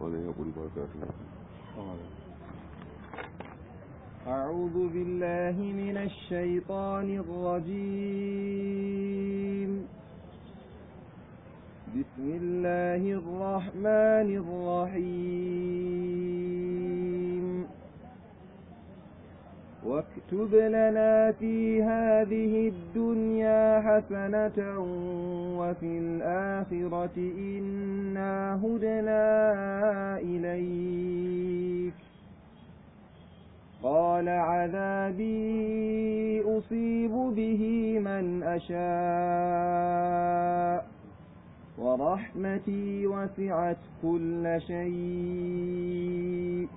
وعليكم وبركاته أعوذ بالله من الشيطان الرجيم بسم الله الرحمن الرحيم واكتب لنا في هذه الدنيا حسنة وفي الآخرة إنا هدنا إليك قال عذابي أصيب به من أشاء ورحمتي وسعت كل شيء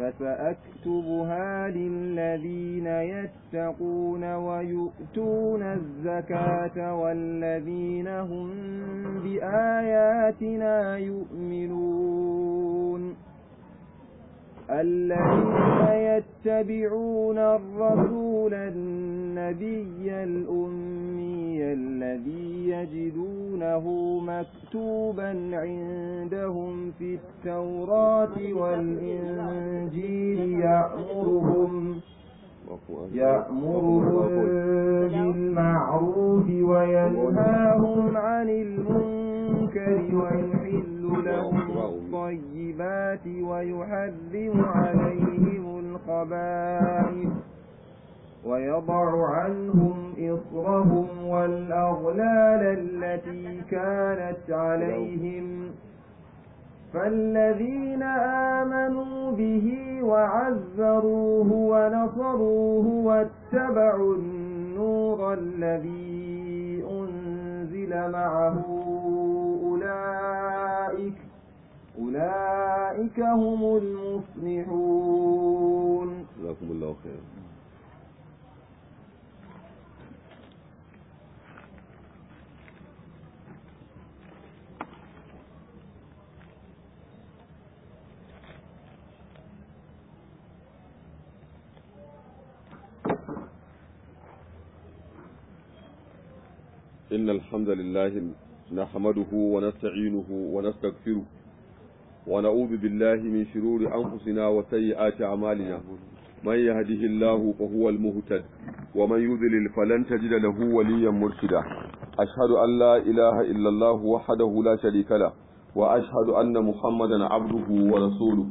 فسأكتبها للذين يتقون ويؤتون الزكاة والذين هم بآياتنا يؤمنون الذين يتبعون الرسول النبي الأمي الذي يجدونه مكتوبا عندهم في التوراة والإنجيل يأمرهم يأمرهم بالمعروف وينهاهم عن المنكر ويحل لهم الطيبات ويحذر عليهم الخبائث ويضع عنهم إصرهم والأغلال التي كانت عليهم فالذين آمنوا به وعزروه ونصروه واتبعوا النور الذي أنزل معه أولئك هم المفلحون جزاكم الله خيرا إن الحمد لله نحمده ونستعينه ونستغفره ونعوذ بالله من شرور أنفسنا وسيئات أعمالنا من يهده الله فهو المهتد ومن يذلل فلن تجد له وليا مرشدا أشهد أن لا إله إلا الله وحده لا شريك له وأشهد أن محمدا عبده ورسوله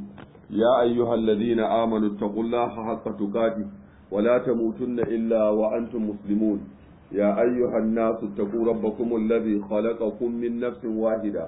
يا أيها الذين آمنوا اتقوا الله حق تقاته ولا تموتن إلا وأنتم مسلمون يا أيها الناس اتقوا ربكم الذي خلقكم من نفس واحدة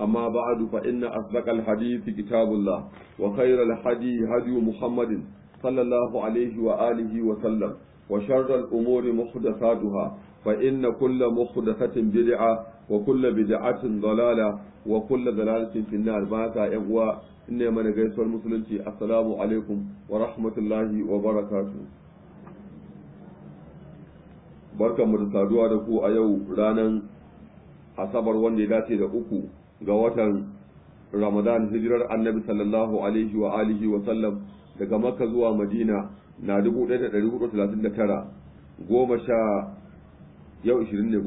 أما بعد فإن أصدق الحديث كتاب الله وخير الحدي هدي محمد صلى الله عليه وآله وسلم وشر الأمور محدثاتها فإن كل محدثة بدعة وكل بدعة ضلالة وكل ضلالة في النار باتا يقوى إنما من جيس المسلمين السلام عليكم ورحمة الله وبركاته barkan mu da saduwa da ku a yau ranar asabar wanda ya dace da uku ga watan Ramadan hijirar Annabi sallallahu alaihi wa alihi wa sallam daga Makka zuwa Madina na 1439 goma sha yau 20 ne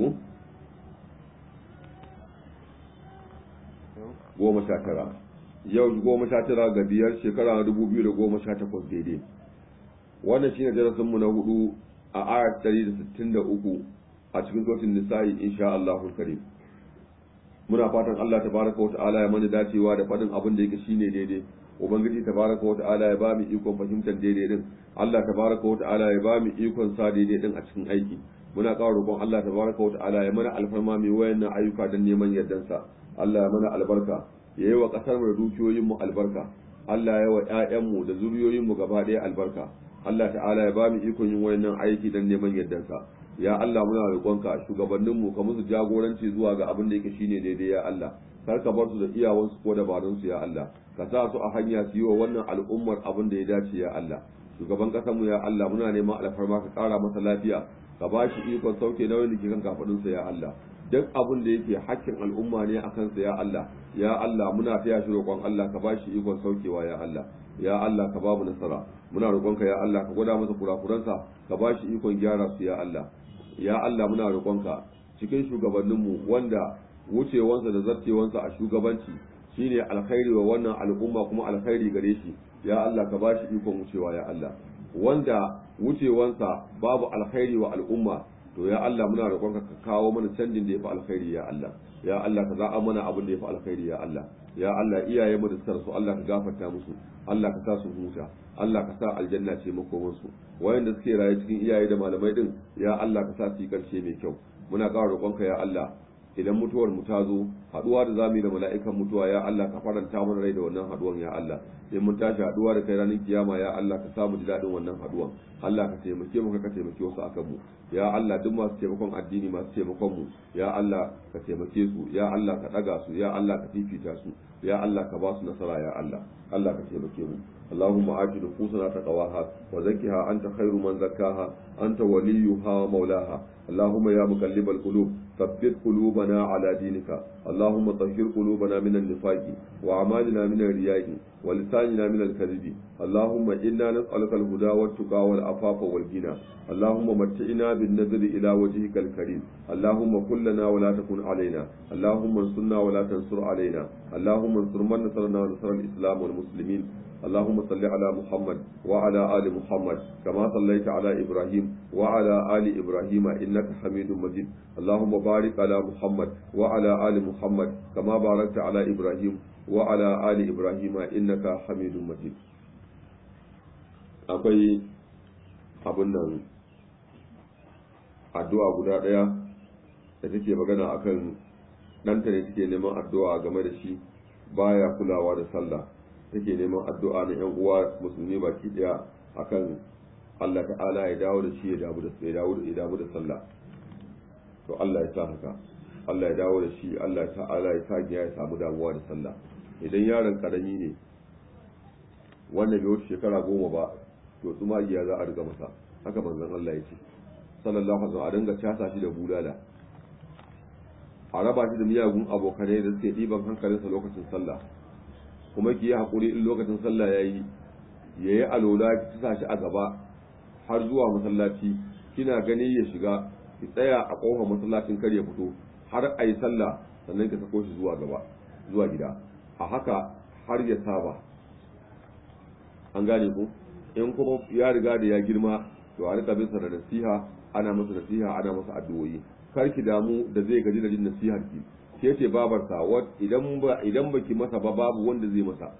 goma sha tara yau goma sha tara ga biyar shekara na dubu biyu da goma sha takwas daidai wannan shine darasinmu na hudu a ayat 163 a cikin sautin nisa'i insha Allahul karim muna fatan Allah tabaraka wa ta'ala ya mana dacewa da faɗin abin da yake shine daidai ubangiji tabaraka wa ta'ala ya ba mu ikon fahimtar daidai din Allah tabaraka wa ta'ala ya ba mu ikon sa daidai din a cikin aiki muna ƙara roƙon Allah tabaraka wa ta'ala ya mana alfarma mai wayannan ayyuka don neman yardansa Allah ya mana albarka ya yi wa ƙasar mu da dukiyoyin mu albarka Allah ya wa ƴaƴan mu da zuriyoyin mu gaba ɗaya albarka Allah ta'ala ya ba mu ikon yin wayannan aiki don neman sa. ya Allah muna roƙonka shugabanninmu ka musu jagoranci zuwa ga abin da yake shine daidai ya Allah kar ka bar su da iyawansu ko dabarunsu ya Allah ka sa su a hanya su yi wa wannan al'ummar abin da ya dace ya Allah shugaban ƙasarmu ya Allah muna neman alfarma ka ƙara masa lafiya ka ba shi ikon sauke nauyin da ke kan kafaɗinsa ya Allah duk abin da yake hakkin al'umma ne a kansa ya Allah ya Allah muna taya shi roƙon Allah ka ba shi ikon saukewa ya Allah ya Allah ka babu nasara muna roƙonka ya Allah ka gwada masa kurakuransa ka ba shi ikon gyara su ya Allah ya Allah muna roƙonka cikin shugabanninmu wanda wucewansa da zartewansa a shugabanci shine alkhairi wa wannan al'umma kuma alkhairi gare shi ya Allah ka ba shi ikon wucewa ya Allah wanda wucewansa babu alkhairi wa al'umma to ya Allah muna roƙonka ka kawo mana canjin da ya fi alkhairi ya Allah ya Allah ka za'a mana abin da ya fi alkhairi ya Allah ya Allah iyaye mu da suka rasu Allah ka gafarta musu Allah ka sa su huta Allah ka sa aljanna ce makoman su wayanda suke raye cikin iyaye da malamai din ya Allah ka sa su yi karshe mai kyau muna ƙara roƙonka ya Allah idan mutuwar mu ta zo haduwa da zamu yi da mala'ikan mutuwa ya Allah ka faranta mana rai da wannan haduwan ya Allah sai mun tashi haduwa da kai ranar kiyama ya Allah ka samu ji wannan haduwan Allah ka taimake mu ka taimake wasu akan mu ya Allah duk masu taimakon addini masu taimakon mu ya Allah ka taimake su ya Allah ka daga su ya Allah ka fifita su ya Allah ka ba su nasara ya Allah Allah ka taimake mu اللهم آت نفوسنا تقواها وزكها أنت خير من زكاها أنت وليها ومولاها اللهم يا مقلب القلوب ثبت قلوبنا على دينك اللهم طهر قلوبنا من النفاق وأعمالنا من الرياء ولساننا من الكذب اللهم إنا نسألك الهدى والتقى والعفاف والغنى اللهم متعنا بالنذر إلى وجهك الكريم اللهم كن لنا ولا تكن علينا اللهم انصرنا ولا تنصر علينا اللهم انصر من نصرنا ونصر الإسلام والمسلمين اللهم صل على محمد وعلى آل محمد كما صليت على إبراهيم وعلى آل إبراهيم إنك حميد مجيد اللهم بارك على محمد وعلى آل محمد كما باركت على إبراهيم وعلى آل إبراهيم إنك حميد مجيد akwai abin nan addu'a guda ɗaya da take magana akan ɗanta ne take neman addu'a game da shi baya kulawa da sallah take neman addu'a na yan uwa musulmi baki daya akan Allah ta'ala ya dawo da shi ya damu da ya dawo ya dawo da sallah to Allah ya sa haka Allah ya dawo da shi Allah ta'ala ya sa ya samu damuwa da sallah idan yaron karami ne wanda bai wuce shekara goma ba to tsumagiya za a riga masa haka manzon Allah ya ce sallallahu alaihi wasallam a dinga casa shi da bulala a raba shi da miyagun abokanai da suke ɗiban hankalinsa lokacin sallah kuma ki yi hakuri in lokacin sallah ya yi ya yi alola ki sa shi a gaba har zuwa masallaci kina gani ya shiga ki tsaya a ƙofa masallacin kar ya fito har a yi sallah sannan ki sako shi zuwa gaba zuwa gida a haka har ya saba an gane ku in kuma ya riga da ya girma to a rika bin da nasiha ana masa nasiha ana masa addu'o'i kar ki damu da zai gaji da jin nasihar ki ke ce babarsa idan ba idan baki masa ba babu wanda zai masa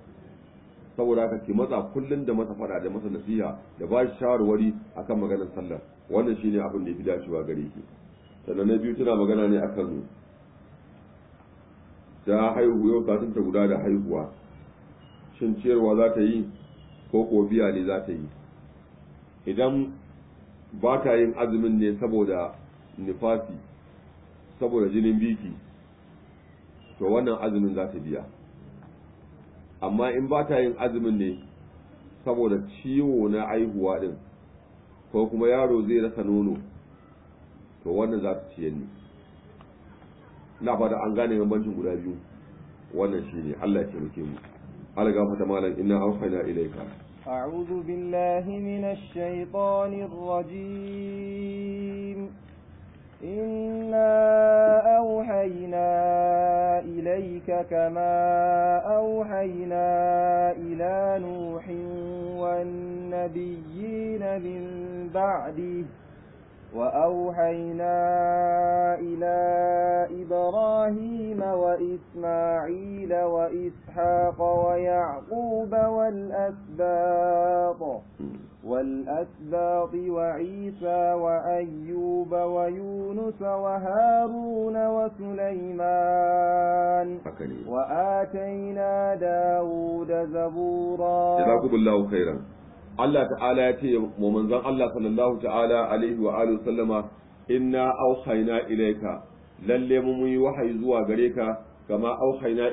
saboda haka ki matsa kullun da masa fada da masa nasiha da ba shi shawarwari akan maganar sallar wannan shine abin da fi dacewa gare ki sannan na biyu tana magana ne akan da haihu yau satin ta guda da haihuwa shin ciyarwa za ta yi ko ko biya ne za ta yi idan ba ta yin azumin ne saboda nifasi saboda jinin biki to wannan azumin za ta biya amma in ba ta yin azumin ne saboda ciwo na aihuwa din ko kuma yaro zai rasa nono to wannan za ta ciye ni na fata an gane bambancin guda biyu wannan shi ne, Allah ya taimake mu Allah gafarta malam ina awhayna ilayka a'udhu billahi minash shaitanir rajim إنا أوحينا إليك كما أوحينا إلى نوح والنبيين من بعده وأوحينا إلى إبراهيم وإسماعيل وإسحاق ويعقوب والأسباط والأسباط وعيسى وأيوب ويونس وهارون وسليمان وآتينا داود زبورا جزاكم الله خيرا Allah ta'ala ya ce wa manzon Allah sallallahu ta'ala alaihi wa alihi sallama inna auhayna ilayka lalle mu yi wahayi zuwa gare ka kama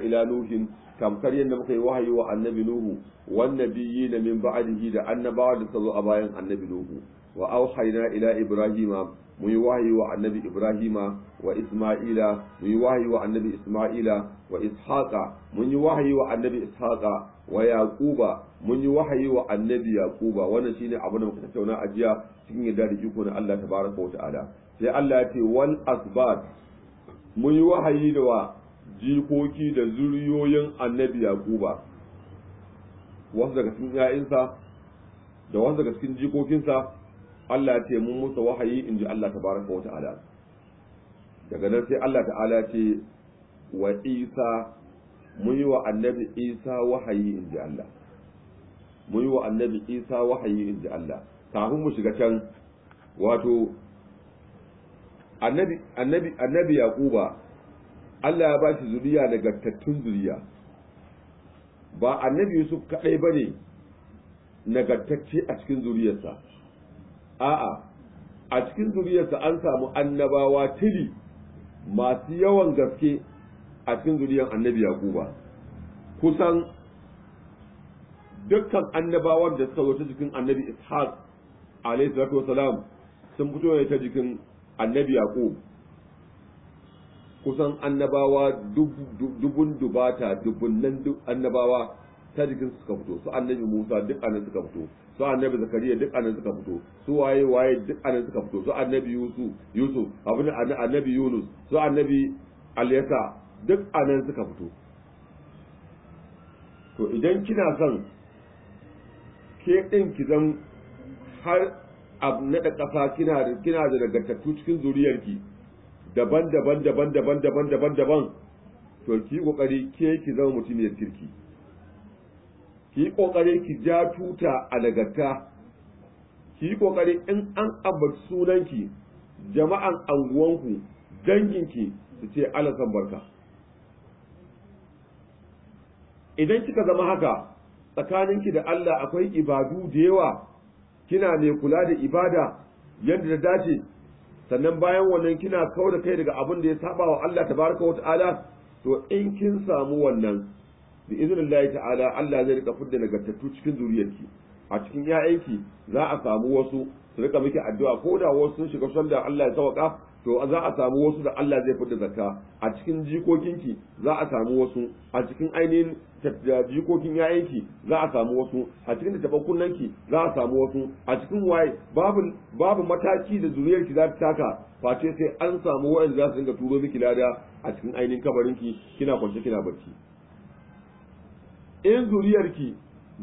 ila nuhin kamkar yadda muka yi wahayi wa annabi nuhu wan na min ba'dihi da annabawa da suka a bayan annabi nuhu wa auhayna ila ibrahima mu yi wahayi wa annabi ibrahima wa isma'ila mu yi wahayi wa annabi isma'ila wa ishaqa mun yi wahayi wa annabi ishaqa wa yaquba mun yi wahayi wa annabi yaquba wannan shine abin da muka tattauna a jiya cikin yadda da iko na Allah tabaraka wa ta'ala sai Allah ya ce wal asbat mun yi wahayi da wa jikoki da zuriyoyin annabi yaquba wasu daga cikin ya'insa da wasu daga cikin jikokinsa Allah ya ce mun musa wahayi in ji Allah tabaraka wa ta'ala daga nan sai Allah ta'ala ce wa Isa mun yi wa annabi Isa wahayi in ji Allah mun yi wa annabi Isa wahayi in ji Allah kafin mu shiga can wato annabi annabi annabi yaquba Allah ya ba shi zuriya nagartattun zuriya ba annabi Yusuf kaɗai ba ne nagartacce a cikin zuriyarsa a'a a cikin zuriyarsa an samu annabawa tili masu yawan gaske a cikin zuriyar annabi Yakuba kusan dukkan annabawan da suka wuce cikin jikin annabi ishaq alaihi salatu wasalam sun fito ne ta jikin annabi yaqub kusan annabawa dubun dubata dubunnan annabawa ta jikin suka fito su annabi Musa duk anan suka fito su annabi Zakariya duk anan suka fito su waye waye duk anan suka fito su annabi Yusuf Yusuf abin annabi Yunus su annabi Aliyasa duk anan suka fito to idan kina son ke din ki zan har abu na da kasa kina kina da daga cikin zuriyarki daban daban daban daban daban daban daban to ki kokari ke ki zama mutum ya kirki ki kokari ki ja tuta a nagarta ki kokari in an ambaci sunanki jama'an anguwanku danginki su ce san barka idan kika zama haka tsakaninki da Allah akwai ibadu da yawa kina mai kula da ibada yadda ta dace sannan bayan wannan kina kau da kai daga abin da ya saba wa Allah tabaraka wata'ala to in kin samu wannan bi iznillahi ta'ala Allah zai rika fidda nagartattu cikin zuriyarki a cikin 'ya'yanki, za a samu wasu su rika miki addu'a ko da wasu sun shiga sallah Allah ya sauka to za a samu wasu da Allah zai fidda zakka a cikin jikokinki za a samu wasu a cikin ainihin jikokin yayanki za a samu wasu a cikin ki za a samu wasu a cikin waye babu babu mataki da zuriyarki za ta taka face sai an samu wa'anda za su dinga turo miki lada a cikin ainihin kabarinki kina kwance kina barci in zuriyarki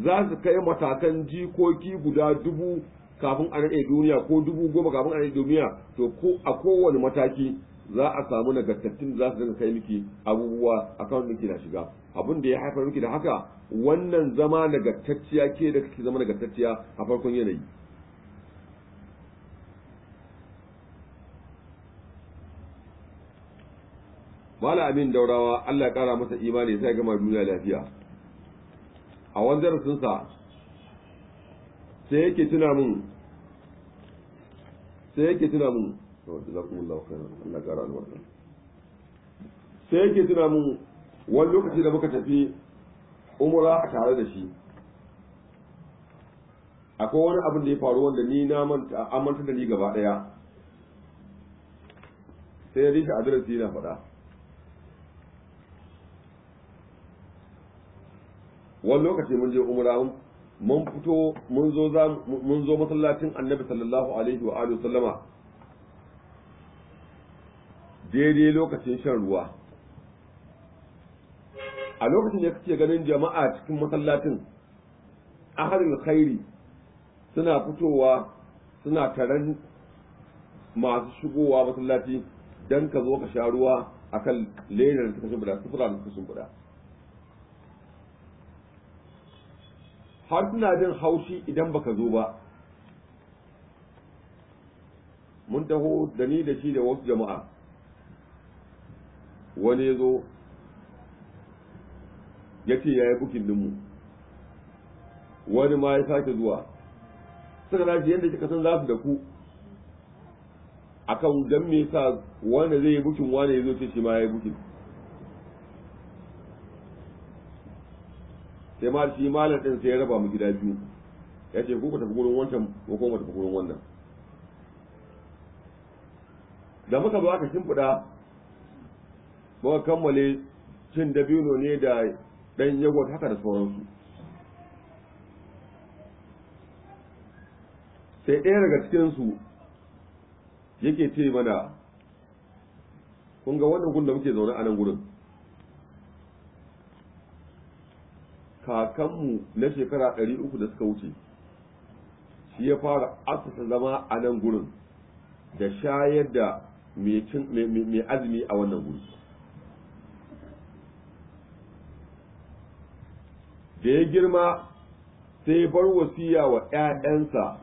za su kai matakan jikoki guda dubu kafin a rade duniya ko dubu goma kafin a rade duniya to ko a kowane mataki za a samu nagartattun za su dinga kai miki abubuwa akan miki na shiga abin da ya haifar miki da haka wannan zama nagartacciya ke da kake zama nagartacciya a farkon yanayi Mala Amin Daurawa Allah ya kara masa imani sai gama duniya lafiya a wanzar sa sai yake tuna mun sai yake tuna mun to jazakumullahu khairan Allah gara albarka sai yake tuna mun wani lokaci da muka tafi umra a tare da shi akwai wani abin da ya faru wanda ni na manta amanta da ni gaba daya sai ya rika adirasi na faɗa wani lokaci mun je umra mun fito mun zo masallacin annabi sallallahu alaihi wa alihi sallama daidai lokacin shan ruwa a lokacin da kake ganin jama'a cikin masallacin aharin khairi suna fitowa suna taron masu shigowa masallaci don ka zo ka sha ruwa akan ledar da suka shimfiɗa sufura da suka shimfiɗa har suna jin haushi idan baka zo ba mun taho da ni da shi da wasu jama'a wani ya zo ya ce ya yi bukin dinmu wani ma ya sake zuwa suka dace yadda kika san za su da ku akan don me sa wanda zai yi bukin wani ya zo ce shi ma ya yi bukin sai ma shi malar ɗin sai ya raba mu gida biyu ya ce ku tafi gurin wancan ko kuma tafi gurin wannan da muka ba ka shimfiɗa muka kammale cin dabino ne da ɗan yagot haka da sauransu sai ɗaya daga cikinsu yake ce mana kun ga wannan gun da muke zaune a nan gurin kakanmu na shekara ɗari uku da suka wuce shi ya fara asusa zama a nan gurin da shayar da mai azumi a wannan gurin da ya girma sai bar wasiya wa ‘ya'yansa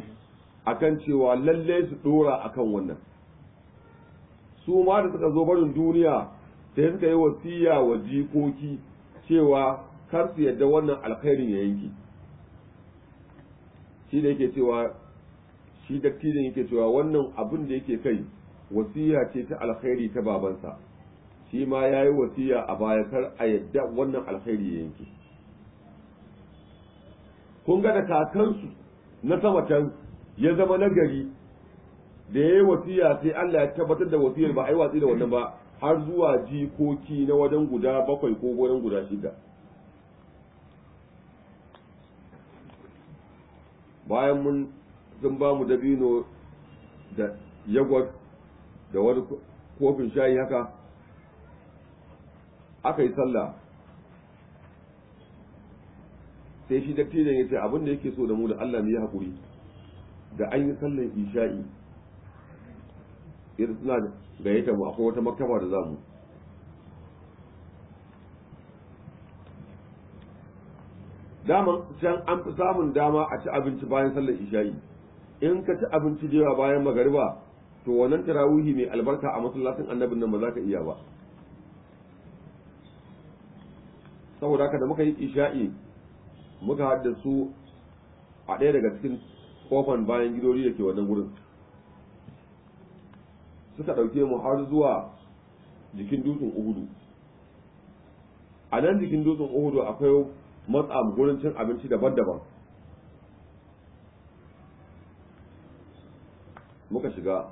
akan cewa lalle su ɗora akan wannan su ma da suka zo barin duniya sai suka yi wasiya wa jikoki cewa kar su yadda wannan alkhairin ya yanki shi da yake cewa shi tilin yake cewa wannan abin da yake kai wasiya ce ta alkhairi ta babansa shi ma ya yi wasiya a baya kar a yadda wannan alkhairi ya yanki kun ga da kakansu na sama ya zama nagari da ya yi wasiya sai Allah ya tabbatar da wasiyar ba a yi watsi da wannan ba har zuwa jikoki na wajen guda bakwai ko wajen guda shida bayan mun sun ba mu dabino da yagwar da wani kofin shayi haka aka yi sallah sai shi dattijan ya ce abin da yake so da mu da Allah mu yi haƙuri da an yi sallan isha'i irin suna gayyata mu akwai wata maktaba da za mu daman can an fi samun dama a ci abinci bayan sallar isha'i in ka ci abinci jewa bayan magariba to wannan tarawihi mai albarka a masallacin annabin nan ba za ka iya ba saboda haka da muka yi isha'i muka su a ɗaya daga cikin kofan bayan gidori da ke wannan wurin suka ɗauke mu har zuwa jikin dutsen uhudu a nan jikin dutsen uhudu akwai matsa gurin cin abinci daban-daban muka shiga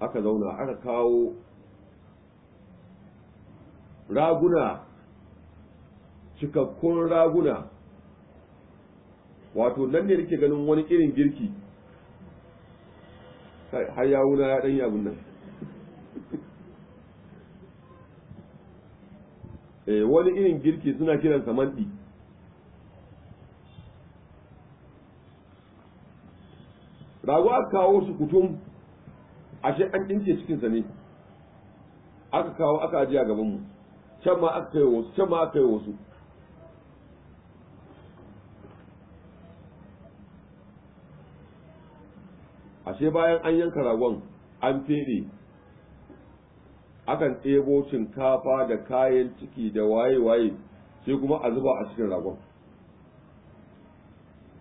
aka zauna aka kawo raguna cikakkun raguna wato nan ne nake ganin wani irin girki har yawuna ya ɗan yabun nan eh, wani irin girki suna kiransa manɗi rago aka kawo su kutum ashe an ɗince cikinsa ne aka kawo aka ajiya gabanmu can ma aka kai wasu can ma aka kai wasu ashe bayan an yanka ragon an fere akan ɗebo shinkafa da kayan ciki da waye-waye sai kuma a zuba a cikin ragon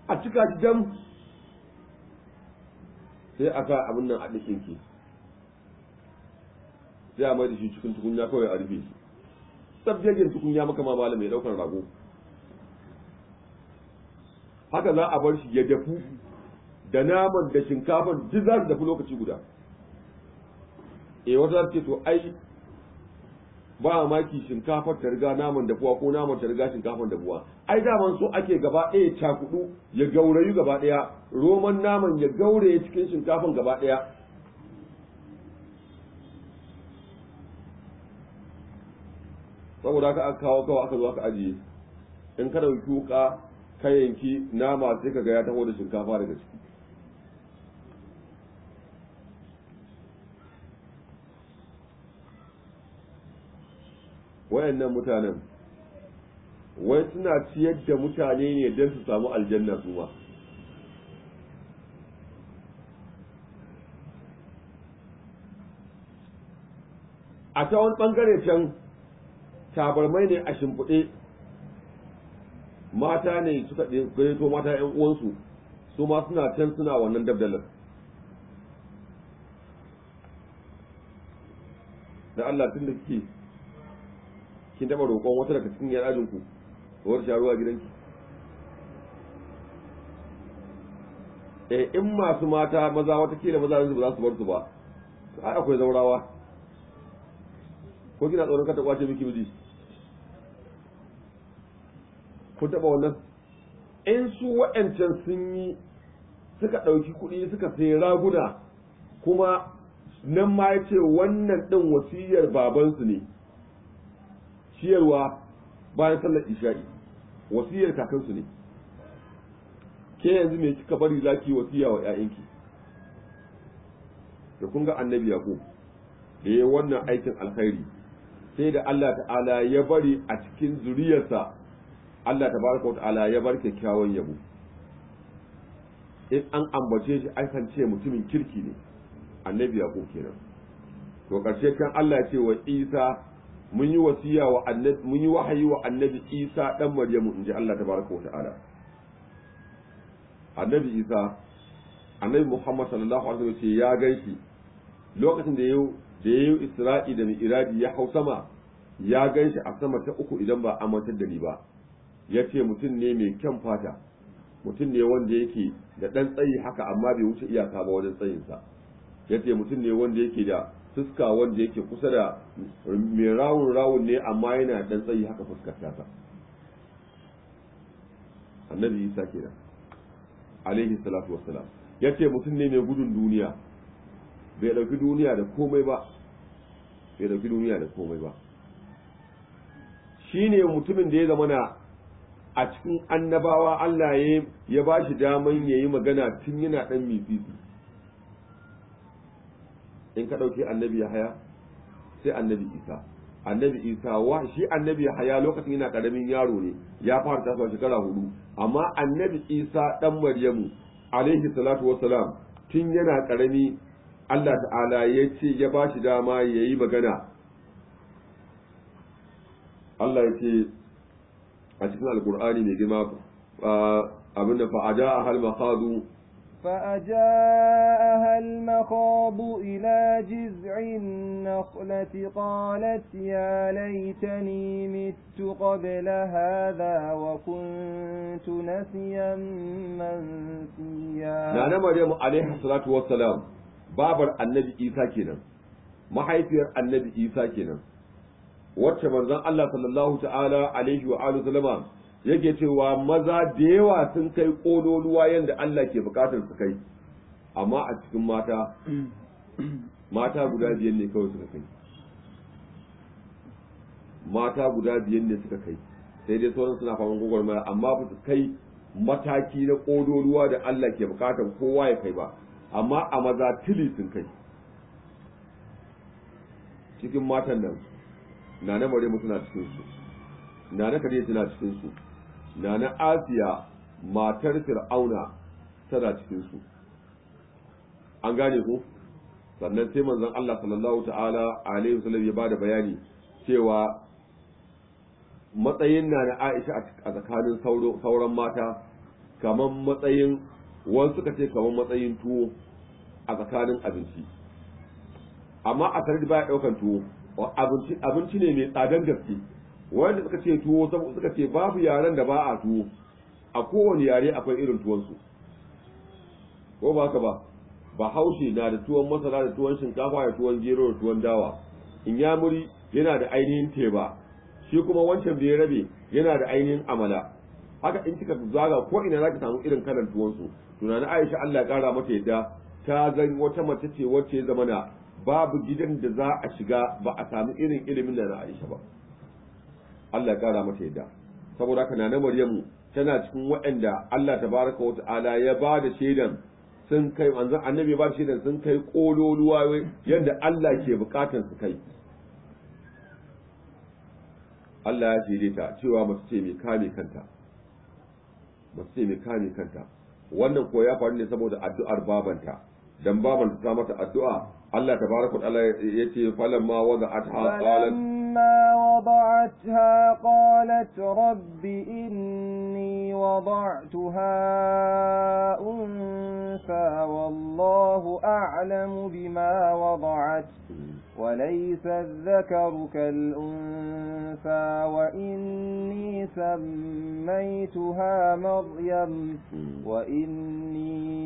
a cika shi jam sai a kai abin nan a ɗikinki sai a mai da shi cikin tukunya kawai a rufe shi sabjejin tukunya maka ma malam mai ɗaukar rago haka za a bar shi ya dafu da naman da shinkafar duk za su dafi lokaci guda e wata za ce to ai ba maki shinkafar ta riga naman kuwa ko naman ta riga shinkafar dafuwa ai daman so ake gaba ɗaya cakudu ya gaurayu gaba ɗaya roman naman ya gauraye cikin shinkafar gaba ɗaya saboda aka kawo kawo aka zo aka ajiye in ka dauki wuka ka yanki nama sai ka ga ya taho da shinkafa daga ciki wayannan mutanen wai suna ciyar da mutane ne don su samu aljanna su ma a ta wani ɓangare can tabarmai ne a shimfiɗe mata ne suka ko mata ‘yan uwansu su ma suna can suna wannan dabdalar da Allah tun da kike kin taba roƙon wata daga cikin yan ajin ku kawar sharuwa gidanki eh in masu mata maza wata kila maza yanzu ba za su bar su ba ai akwai zaurawa ko kina tsoron ka ta kwace miki miji kun taba wannan in su wa'ancan sun yi suka ɗauki kuɗi suka sayi raguna kuma nan ma ya ce wannan ɗin wasiyar babansu ne ciyarwa bayan sallar isha'i wasiyar kakansu ne ke yanzu me kika bari zaki wasiya wa ƴaƴanki da kun ga annabi yaqub da yayin wannan aikin alkhairi sai da Allah ta'ala ya bari a cikin zuriyarsa Allah tabaraka ta'ala ya bar kyakkyawan yabo in an ambace shi san ce mutumin kirki ne annabi yaqub kenan to karshe kan Allah ya ce wa Isa mun yi wasiya wa annabi mun yi wahayi wa annabi Isa dan Maryamu inji Allah tabaraka wa ta'ala annabi Isa annabi Muhammad sallallahu alaihi wasallam ya gaishi lokacin da yau da yayi Isra'i da Mi'raji ya hau sama ya gaishi a sama ta uku idan ba amantar da ni ba yace mutum ne mai kyan fata mutum ne wanda yake da dan tsayi haka amma bai wuce iyaka ba wajen tsayinsa yace mutum ne wanda yake da fuska wanda yake kusa da mai rawun rawun ne amma yana dan tsayi haka fuskar tasa annabi isa da. alaihi salatu wassalam yace mutum ne mai gudun duniya bai dauki duniya da komai ba bai dauki duniya da komai ba shine mutumin da ya zama na a cikin annabawa Allah ya ba shi daman yayi magana tun yana dan mitsitsi in ka ɗauki annabi Yahaya sai annabi Isa annabi Isa wa shi annabi Yahaya lokacin yana karamin yaro ne ya fara tasowa shekara hudu amma annabi Isa ɗan Maryamu alaihi salatu salam tun yana karami Allah ta'ala ya ce ya ba shi dama ya yi magana Allah ya ce a cikin alkur'ani mai girma abinda fa'ada a فأجاءها المخاض إلى جذع النخلة قالت يا ليتني مت قبل هذا وكنت نسيا منسيا نانا مريم عليه الصلاة والسلام بابر النبي إيسا كنا mahaifiyar annabi isa kenan wacce manzon Allah sallallahu ta'ala alaihi wa alihi sallama yake cewa maza da yawa sun kai ƙololuwa yadda Allah ke bukatar su kai amma a cikin mata mata guda biyan ne kawai suka kai mata guda biyan ne suka kai sai dai sauran suna faman mara amma ba su kai mataki na ƙololuwa da Allah ke bukatar kowa ya kai ba amma a maza tili sun kai cikin matan nan na na mare suna cikin su na na kare suna cikin su nana asiya matar fir'auna tana cikin su an gane ku. sannan sai manzon Allah sallallahu ta'ala alaihi wasallam ya bada bayani cewa matsayin nana Aisha a tsakanin sauran mata kamar matsayin wasu suka ce kamar matsayin tuwo a tsakanin abinci amma a tare da baya daukan tuwo abinci ne mai tsadan gaske wanda suka ce tuwo suka ce babu yaren da ba a tuwo a kowane yare akwai irin tuwonsu ko ba ka ba bahaushe na da tuwon masara da tuwon shinkafa da tuwon gero da tuwon dawa inyamuri yana da ainihin teba shi kuma wancan da ya rabe yana da ainihin amala haka in kika zaga ko ina za zaki samu irin kalan tuwonsu tunanin Aisha Allah ya kara mata yadda ta zan wata mace ce wacce ya zamana babu gidan da za a shiga ba a samu irin ilimin da na Aisha ba Allah ya kara mata yadda saboda haka nana Maryamu tana cikin waɗanda Allah tabaraka wa ta'ala ya ba da shaidan sun kai manzon annabi ba da shaidan sun kai kololuwa yadda Allah ke bukatan su kai Allah ya shirye ta cewa mace ce mai kame kanta mace ce mai kame kanta wannan ko ya faru ne saboda addu'ar babanta dan babanta ta mata addu'a Allah tabaraka wa ta'ala ya ce falamma wada atha qalat فلما وضعتها قالت رب إني وضعتها أنثى والله أعلم بما وضعت وليس الذكر كالأنثى وإني سميتها مريم وإني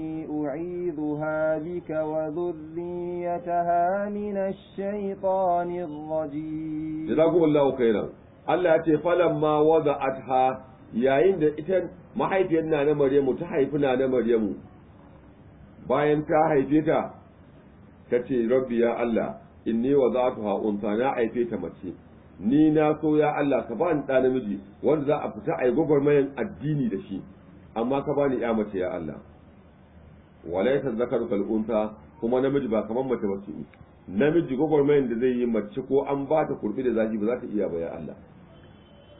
أعيذها بك وذريتها من الشيطان الرجيم رجل الله خيرا الله تفعل ما وضعتها يا عند إتن ما حيثنا أنا مريم تحيفنا أنا مريم باين تحيفتها تتي ربي يا الله inni wa za ta ha'unta na aife ta mace ni na so ya Allah ka ba ni ɗa namiji wanda za a fita a yi gwagwarmayan addini da shi amma ka ba ni ya mace ya Allah walaita zakar kal'unta kuma namiji ba kamar mace ba su namiji gwagwarmayan da zai yi mace ko an ba ta kurbi da zaki ba za ta iya ba ya Allah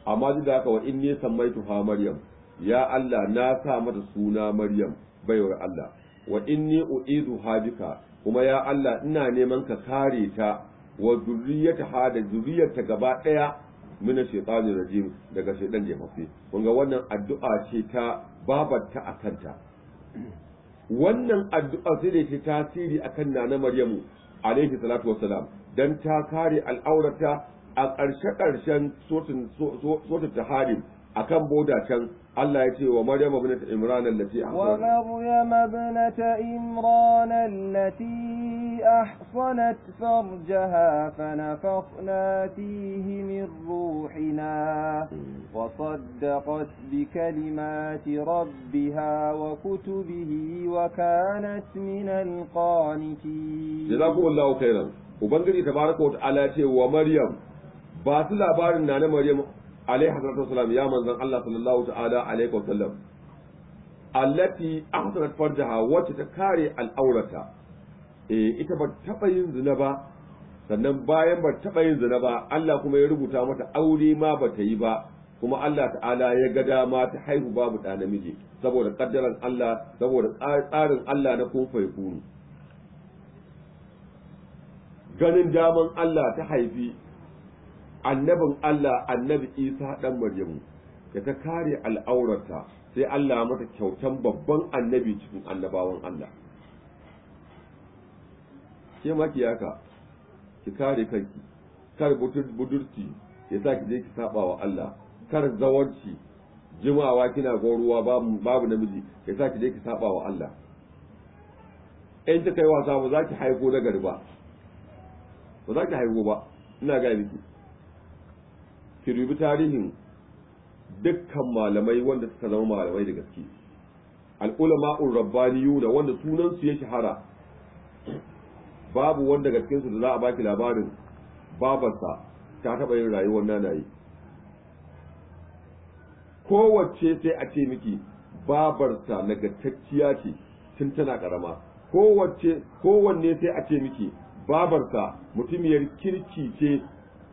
amma duk da haka wa inni sammaitu ha maryam ya Allah na sa mata suna maryam baiwar Allah wa inni u'idu habika kuma ya Allah ina neman ka kare ta wa ha da zuriyarta gaba ɗaya mina shaitanir rajim daga shaytan jefafe kun ga wannan addu'a ce ta babarta a kanta wannan addu'a sai da ta tasiri akan nana Maryamu alaihi salatu wassalam dan ta kare al'aurata a ƙarshe ƙarshen sotin sotin taharim akan boda can Allah ya ce wa Maryam ibnat Imran allati wa Maryam ibnat Imran allati ahsanat farjaha fanafakhna fihi min ruhina wa saddaqat bi kalimati rabbiha wa kutubihi wa kanat min al-qanitin jazakumullahu khairan ubangiji tabaraka wa ta'ala ce wa Maryam ba su labarin na na Maryam عليه salatu والسلام ya من Allah الله صلى الله تعالى عليه وسلم farjaha wacce ta kare al'aurata eh ita ba taba yin zina ba sannan bayan ba taɓa yin zina ba Allah kuma ya rubuta mata aure ma ba ta yi ba kuma Allah ta'ala ya ga dama ta haihu babu ɗa namiji saboda kaddaran Allah saboda tsarin Allah na kofa ya kunu ganin daman Allah ta haifi annabin Allah annabi Isa dan Maryamu da ta kare al'aurarta sai Allah mata kyautan babban annabi cikin annabawan Allah ke ma ki haka ki kare kanki kar budurci ya sa ki je ki saba wa Allah kar zawarci jimawa kina goruwa babu namiji ya sa ki je ki saba wa Allah in ta kai wasa ba za ki haiko na gari ba ba za ki haiko ba ina ga miki ki rubi tarihin dukkan malamai wanda suka zama malamai da gaske al'ulama'ur da wanda sunansu ya shahara babu wanda gaske su da za a baki labarin babarsa ta taɓa yin rayuwar nanaye kowace sai a ce miki babarsa nagartacciya ce tun tana ƙarama kowace kowanne sai a ce miki babarsa mutumiyar kirki ce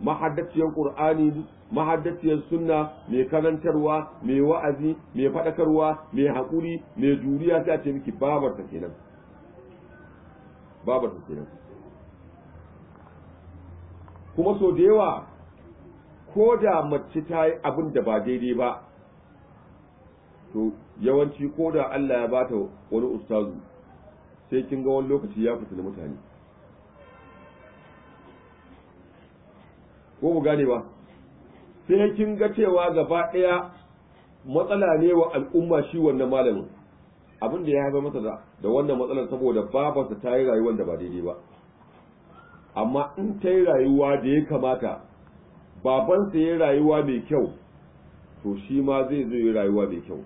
mahaddaciyar ƙur'ani mahaddaciyar sunna mai karantarwa mai wa'azi mai faɗakarwa mai haƙuri mai juriya ta a ce miki babarta kenan babarta kenan kuma so da yawa ko da mace ta yi abin da ba daidai ba to yawanci ko da Allah ya bata wani ustazu sai kin ga wani lokaci ya fita da mutane ko mu gane ba sai kin ga cewa gaba ɗaya matsala ne wa al'umma shi wannan malamin abin da ya haifa masa da wannan matsalar saboda babarsa ta yi rayuwar da ba daidai ba amma in ta yi rayuwa da ya kamata babansa ya yi rayuwa mai kyau to shi ma zai zo yi rayuwa mai kyau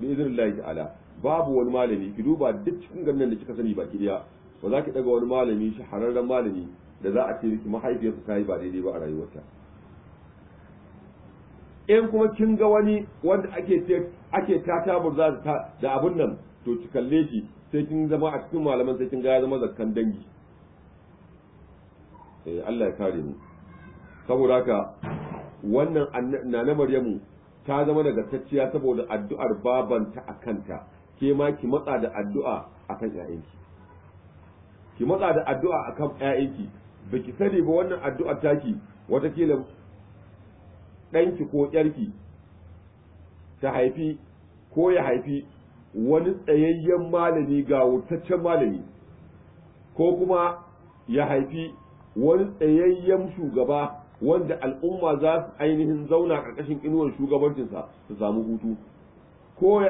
izin izinin ta'ala babu wani malami ki duba duk cikin ganin da kika sani baki daya ba za ki daga wani malami shahararren malami da za a ce miki mahaifiyarsa ta yi ba daidai ba a rayuwarta in kuma kin ga wani wanda ake ake tataburza da abun nan to ki kalle shi sai kin zama a cikin malaman sai kin ga ya zama zakkan dangi eh Allah ya kare ni. saboda haka wannan nana Maryamu ta zama nagartacciya saboda addu'ar babanta a kanta ke ma ki matsa da addu'a akan ƴaƴanki ki matsa da addu'a akan ƴaƴanki baki sani ba wannan addu'ar taki kila ɗanki ko ƙyarki ta haifi ko ya haifi wani tsayayyen malami ga wutaccen malami ko kuma ya haifi wani tsayayyen shugaba wanda al'umma za su ainihin zauna a ƙarƙashin inuwar shugabancinsa su samu hutu ko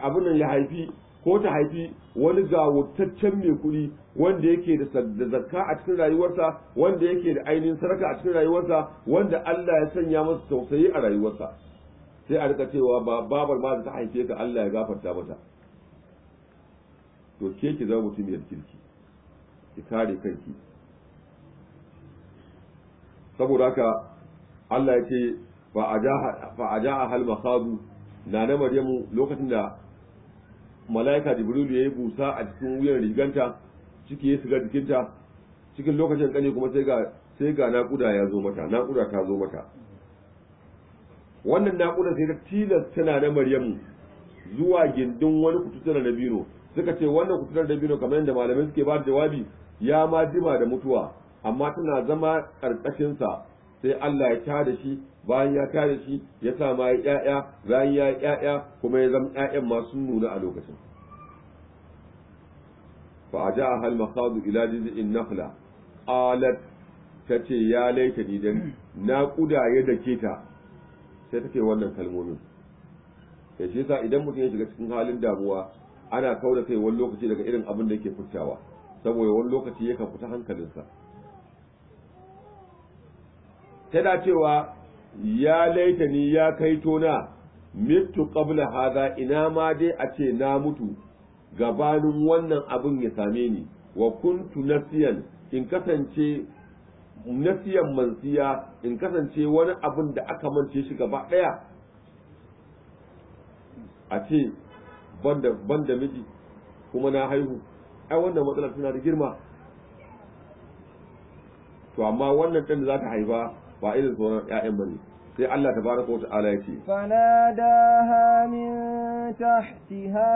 abin ya haifi ko ta haifi wani gawurtaccen mai kuɗi wanda yake da zakka a cikin rayuwarsa wanda yake da ainihin sarka a cikin rayuwarsa wanda Allah ya sanya masa tausayi a rayuwarsa sai a rika cewa ba babar ma ta haife ka Allah ya gafarta mata to ke ki zama mutum ya kirki ki kare kanki saboda haka Allah ya ce fa aja hal makhadu na na Maryamu lokacin da mala'ika jibrilu yayi busa a cikin wuyan riganta ciki ya shiga jikinta cikin lokacin kane kuma sai ga sai ga naƙuda ya zo mata naƙuda ta zo mata wannan naƙuda sai ta tilas tana da maryamu zuwa gindin wani kututar dabino bino suka ce wannan kututar da bino kamar yadda malamai suke ba da jawabi ya ma jima da mutuwa amma tana zama ƙarƙashinsa sai Allah ya tada shi bayan ya tada shi ya sa ma ya ƴaƴa bayan ya ƴaƴa kuma ya zama ƴaƴan masu nuna a lokacin fa aja'a hal maqadu ila jiz'in nakhla alat tace ya laita ni na kudaye da ke ta sai take wannan kalmomin sai shi yasa idan mutum ya shiga cikin halin damuwa ana kauda kai wani lokaci daga irin abin da yake fitawa saboda wani lokaci yakan fita hankalinsa tana cewa ya ni ya kai tona mitu qabla hadha ina ma dai a ce na mutu gabanin wannan abin ya same ni wa kuntu nasiyan in kasance nasiyan mansiya in kasance wani abin da aka mance shi gaba daya a ce banda banda miji kuma na haihu ai wannan matsalar tana da girma to amma wannan ɗan da za ta haifa ba irin sauran ƴaƴan bane sai Allah tabaraka wa ta'ala ya ce fanadaha min tahtiha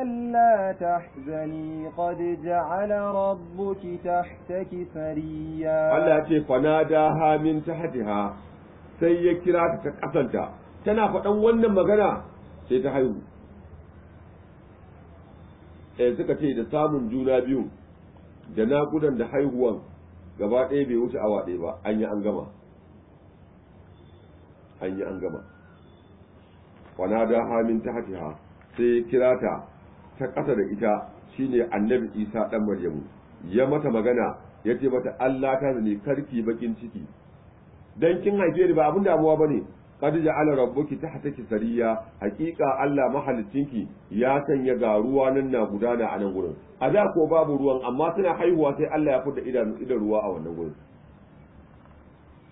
alla tahzani qad ja'ala rabbuki tahtaki sariya Allah ya ce fanadaha min tahtiha sai ya kira ta kasanta tana faɗan wannan magana sai ta haihu eh suka ce da samun juna biyu da naƙudan da haihuwan gaba ɗaya bai wuce awa ɗaya ba an yi an gama an yi an gama wana da hamin ta hatiha sai kira ta ta ƙasa da ita shine annabi isa ɗan maryamu ya mata magana ya ce mata allah ta zane karki bakin ciki Don kin haife ni ba abin damuwa ba ne qad ja'ala rabbuki ki sariya haqiqa Allah mahalicinki ya sanya ga ruwa nan na gudana a nan gurin a da ko babu ruwan amma suna haihuwa sai Allah ya fi idan idan ruwa a wannan gurin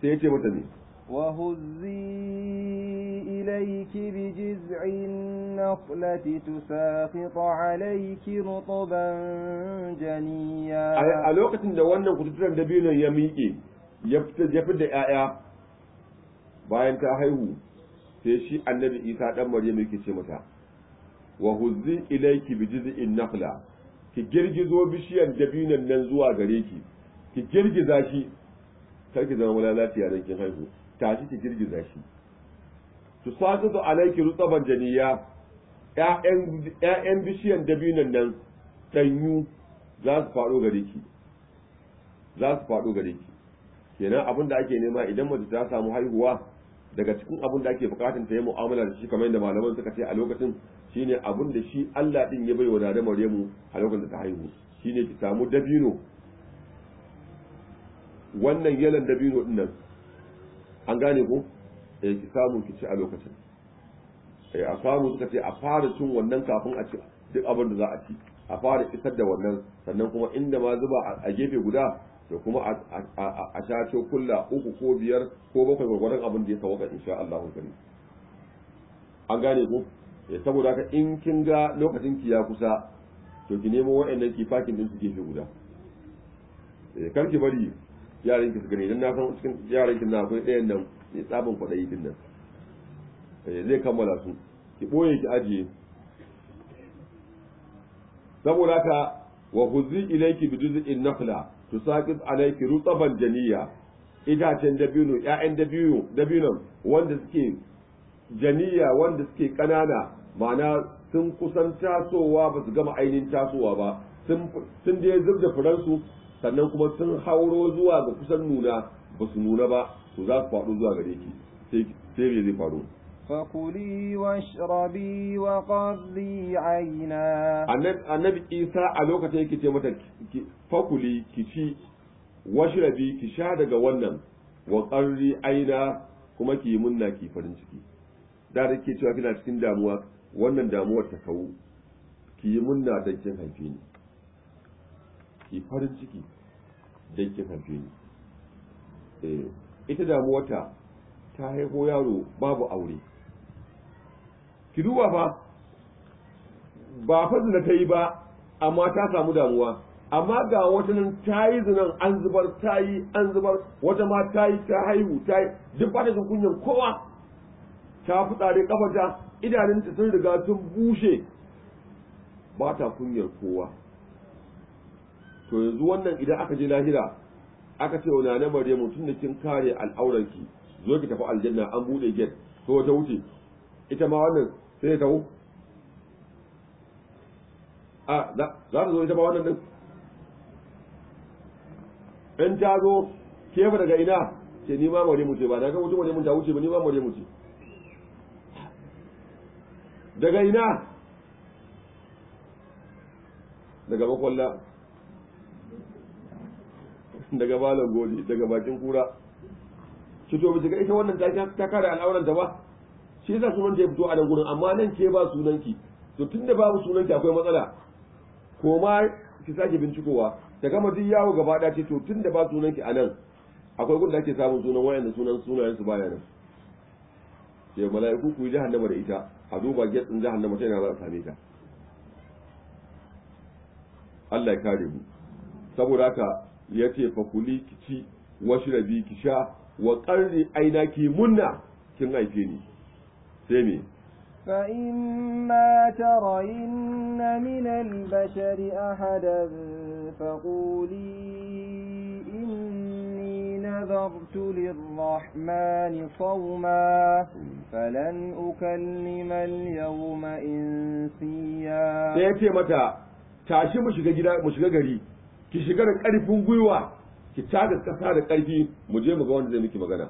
sai ya ce mata ne wa huzzi ilayki bi jiz'in naqlati tusaqitu alayki rutban janiya a lokacin da wannan kututturen dabinon ya miƙe ya fitar da 'ya'ya bayan ta haihu sai shi annabi isa dan maryam yake ce mata wa huzzi ilayki bi jiz'in nakhla ki girgizo bishiyar dabinan nan zuwa gare ki ki girgiza shi kar ki zama lalaciya dan kin haihu tashi ki girgiza shi tu saqitu alayki rutaban janiya 'ya'yan ƴaƴan bishiyar dabinan nan tanyu za su faɗo gare ki za su faɗo gare ki kenan abin da ake nema idan mace ta samu haihuwa daga cikin abin da ake bukatun ta yi mu'amala da shi kamar yadda malaman suka ce a lokacin shine abin da shi Allah din ya baiwa da Maryamu a lokacin da ta haihu shine ki samu dabino wannan yalan dabino din nan an gane ko eh ki samu ki ci a lokacin eh a samu suka ce a fara cin wannan kafin a ci duk abin da za a ci a fara isar da wannan sannan kuma inda ma zuba a gefe guda to kuma a shato kulla uku ko biyar ko bakwai gwargwadon abin da ya in insha Allah kari an gane ku eh, saboda haka in kin ga lokacin ki ya kusa to ki nemo wa'annan ki fakin din su gefe guda eh, kar ki bari yaran ki su gani idan na san cikin yaran ki na akwai ɗayan nan mai tsabin kwaɗayi din nan eh, zai kammala su ki ɓoye ki ajiye saboda ka wa huzi ilaiki bi juz'in nakhla tusaqit alayki rutaban janiya itacen dabino ƴaƴan dabino dabinon wanda suke janiya wanda suke ƙanana ma'ana sun kusan tasowa ba su gama ainihin tasowa ba sun je da furansu sannan kuma sun hauro zuwa ga kusan nuna ba su nuna ba to za su faɗo zuwa gare ki sai zai faru فكلي واشربي wa عينا aina عيسى isa a lokacin yake ce mata fakuli ki ci washrabi ki sha daga wannan wa qadhi aina kuma ki munna ki farin ciki da da ke cikin damuwa wannan damuwar ta kawo ki munna kin haife ki farin ciki kin haife eh, ita ta haifo yaro babu aure ki duba fa ba fa zina ta yi ba amma ta samu damuwa amma ga wata nan ta yi zinan an zubar ta yi an zubar wata ma ta yi ta haihu ta yi duk ba ta kunyan kowa ta fitsare kafarta idanunta sun riga sun bushe ba ta kunyar kowa to yanzu wannan idan aka je lahira aka ce wa na maryamu mutum da kin kare al'auranki zo ki tafi aljanna an buɗe gate ko wata wuce ita ma wannan sai ta a za ta zo ita ba wannan din in ta zo ke ba daga ina ce ni ma mare mu ce ba na wuce mutum mare mun ta wuce ba ni ma mare mu ce daga ina daga makwalla daga malam goli daga bakin kura to bi ga ita wannan ta kare al'auranta ta ba shi yasa sunan ta fito a nan gurin amma nan ke ba sunan ki to tunda babu sunan ki akwai matsala ko ma ki sake bincikowa ta gama duk yawo gaba ɗaya ce to tunda ba sunan ki a nan akwai gurin da ake samun sunan wayanda sunan sunayen su baya nan ke mala'iku ku yi jahannama da ita a duba getsin jahannama ta yana za a same ta Allah ya kare mu saboda haka ya ce kuli ki ci washrabi ki sha wa qarri aina ki munna kin haife ni sai mi fa’imma ta rayun na minan bashari a hadar faƙuli inni na zartulin rahmani sauma falon ukalli maliyawo ma’in siya ta ce mata tashi mu shiga gari ki shiga da ƙarfin gwiwa ki taga ƙasa da ƙarfi mu je mu ga wanda zai miki magana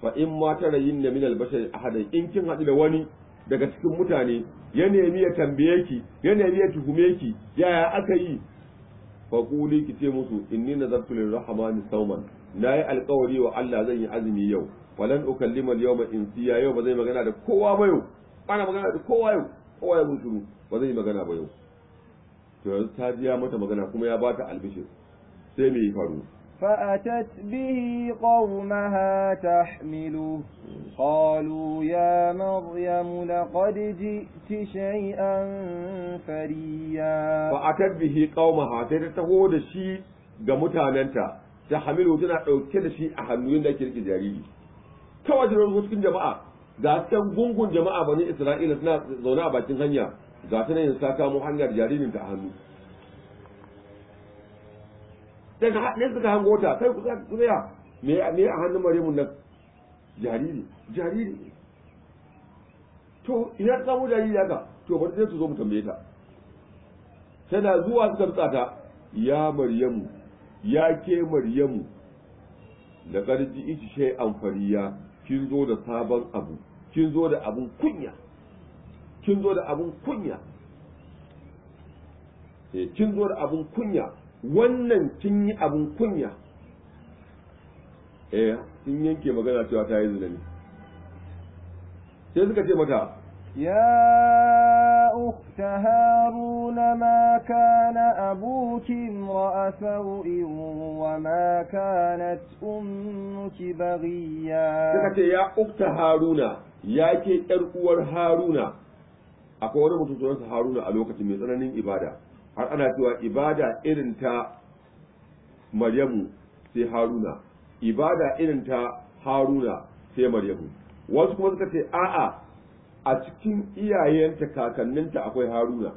fa in ma tara yin min al-bashar ahadan in kin haɗu da wani daga cikin mutane ya nemi ya tambaye ki ya nemi ya tuhume ki yaya aka yi fa kuli ki ce musu inni nazartu sauman Na yi alƙawari wa Allah zan yi azumi yau walan ukallima al-yawma insiya yau ba zai magana da kowa ba yau bana magana da kowa yau kowa ya mutu ba zai magana ba yau to yanzu ta jiya mata magana kuma ya bata albishir sai me ya faru فأتت به قومها تحمله قالوا يا مريم لقد جئت شيئا فريا فأتت به قومها تتهو da shi ga mutanenta ta hamilu tana ɗauke da shi a hannun da ake rike jariri kawai da wasu cikin jama'a ga can gungun jama'a bani isra'ila suna zaune a bakin hanya ga ta nan saka mu hanyar jaririnta a hannu daga ne suka hango ta kai ku ku tsaya me me a hannun maryamun nan jariri jariri to ina ta samu jariri haka to bari sai su zo mu tambaye ta tana zuwa suka tsata ya maryamu ya ke maryamu da ƙarji ishi shai amfariya kin zo da sabon abu kin zo da abun kunya kin zo da abun kunya eh, kin zo da abun kunya wannan tun yi abin kunya eh yanke magana cewa ta yi zunani sai suka ce mata ya ukta haruna maka na abuki ra'a sau'i wa ma na ummuki bariya. suka ce ya ukta haruna ke yar uwar haruna akwai wani mutum sunansa haruna a lokacin mai tsananin ibada har ana cewa ibada irin ta maryamu sai haruna ibada irin ta haruna sai maryamu wasu kuma suka ce a'a a cikin iyayenta kakanninta akwai haruna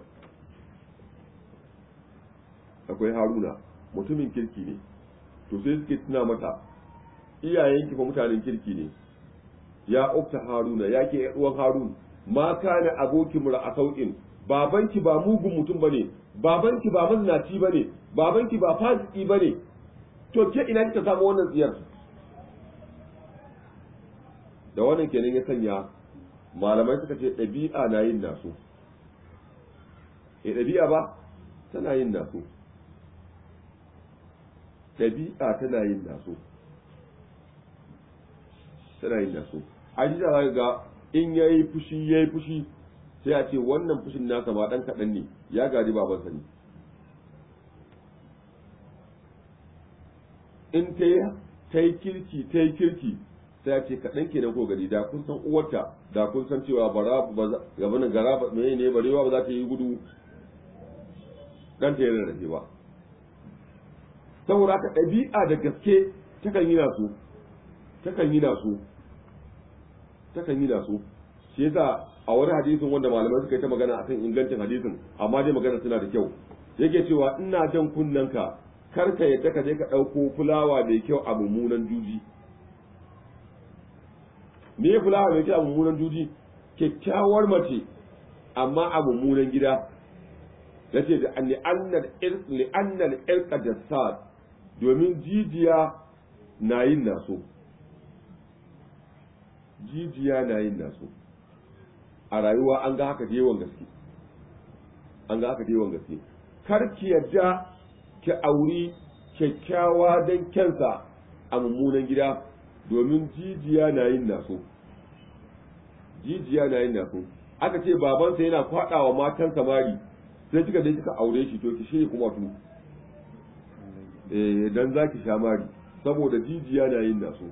akwai haruna mutumin kirki ne to sai suke tuna mata iyayenki fa mutanen kirki ne ya ukta haruna ya ke uwan harun ma kana abokin mura a sauƙin babanki ba mugun mutum bane babanki ba mazinaci ne babanki ba fasiki ne. to ke ina kika samu wannan tsiyar da wannan kenan ya sanya malamai suka ce ɗabi'a na yin nasu e ɗabi'a ba tana yin nasu ɗabi'a tana yin nasu tana yin nasu a ji za ga in yayi fushi yayi fushi sai a ce wannan fushin nasa ba ɗan kaɗan ne ya gadi sa ne in ta yi ta yi kirki ta yi kirki sai ce kaɗan ke na ko gari da kun san uwarta da kun san cewa bara gabanin gara ba ne ne barewa ba za ta yi gudu ɗan ta yi rarrafe ba saboda haka ɗabi'a da gaske ta kan yi nasu Ta kan yi nasu Ta kan yi nasu shi yasa a wani hadisin wanda malamai suka yi ta magana akan ingancin hadisin amma dai magana suna da kyau yake cewa ina jan kunnanka kar ka yadda ka je ka ɗauko fulawa mai kyau a mummunan juji me fulawa mai kyau a mummunan juji kyakkyawar mace amma a mummunan gida ce da an irq li'annal irq domin jijiya na yin naso jijiya na yin naso a rayuwa an ga haka da yawan gaske an ga haka yawan gaske kar ki yadda ki auri kyakkyawa don kyansa a mummunan gida domin jijiya na yin naso jijiya na yin naso aka ce babansa yana kwaɗawa matan samari sai kika dai kika aure shi to ki shirya kuma tu eh dan zaki sha mari saboda jijiya na yin naso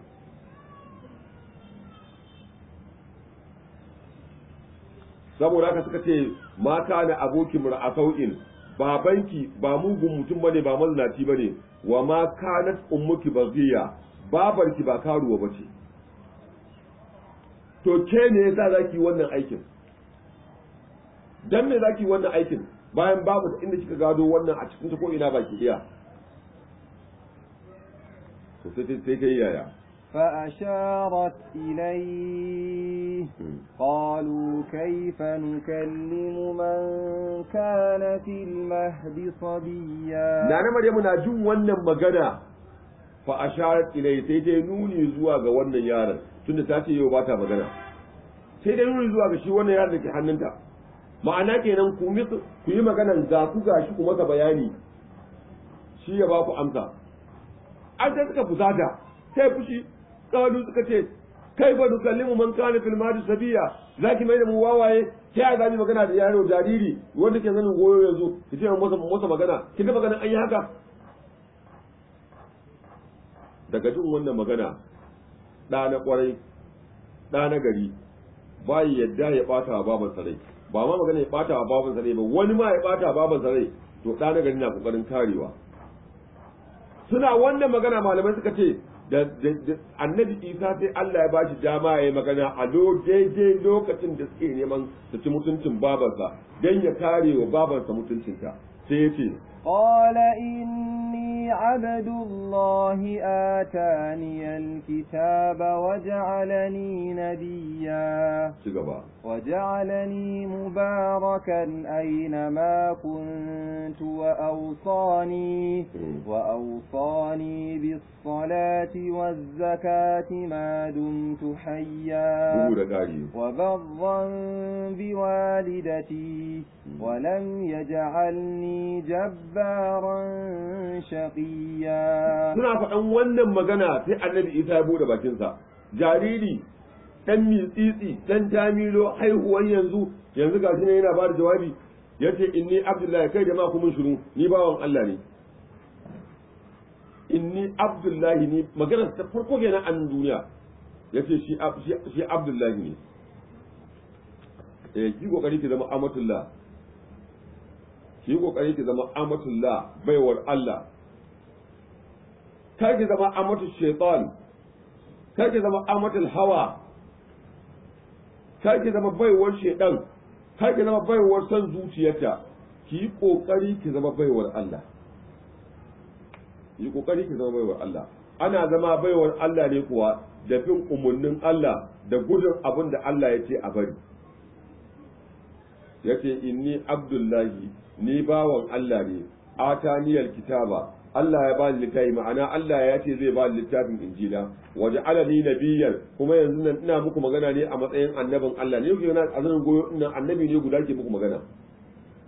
saboda haka suka ce ma kana aboki a babanki ba mugun mutum bane ba mazinaci bane wa ma kanat ummuki baghiya babarki ba karuwa bace to ke ne yasa zaki wannan aikin dan me zaki wannan aikin bayan babu inda kika gado wannan a cikin ta ko ina baki iya to sai sai kai yaya فأشارت إليه قالوا كيف نكلم من كان في المهد صبيا نانا مريم ناجم وانا مغنى فأشارت إليه سيدي نوني زواغ ونن يارا تند تاتي يوباتا مغنى سيدي نوني زواغ شي وانا يارا لكي حننتا ma'ana kenan ku ku yi maganan ga ku gashi ku masa bayani shi ya ba ku sai fushi qalu suka ce kai ba nukallimu man kana fil madi sabiya zaki mai da mu wawaye sai yaya zamu magana da yaro jariri wanda ke zanin goyo yanzu ki ce masa masa magana ki da magana an yi haka daga jin wannan magana da na kwarai da na gari bai yadda ya ɓata wa baban sarai ba ma magana ya ɓata wa baban sarai ba wani ma ya ɓata wa baban sarai to da na gari na ƙoƙarin karewa suna wannan magana malamai suka ce annabi isa sai Allah ya ba shi dama ya yi magana a daidai lokacin da suke neman su ci mutuncin babansa don ya kare wa babansa mutuncinta sai ya ce قال إني عبد الله آتاني الكتاب وجعلني نبيا وجعلني مباركا أينما كنت وأوصاني وأوصاني بالصلاة والزكاة ما دمت حيا وبرا بوالدتي ولم يجعلني جبا jabbaran shaqiya suna faɗan wannan magana sai annabi Isa ya bude bakinsa jariri dan mitsitsi dan jamilo haihuwan yanzu yanzu gashi ne yana bada jawabi yace inni abdullahi kai jama'a ku mun shiru ni bawan Allah ne inni abdullahi ne magana ta farko kenan an duniya yace shi shi abdullahi ne eh ki kokari ki zama amatullah yi kokari ki zama amatullah baiwar Allah kar ki zama amatul shaitan kar ki zama amatul hawa kar ki zama baiwar shaitan kar ki zama baiwar san zuciyarta ki yi kokari ki zama baiwar Allah yi kokari ki zama baiwar Allah ana zama baiwar Allah ne kuwa da bin umarnin Allah da gudun abin da Allah ya ce a bari yace inni abdullahi ni bawan Allah ne ataniyal kitaba Allah ya bani littafi ma'ana Allah ya ce zai bani littafin injila waje alani nabiyyan kuma yanzu nan ina muku magana ne a matsayin annabin Allah ne yau na azan goyo ina annabi ne guda ke muku magana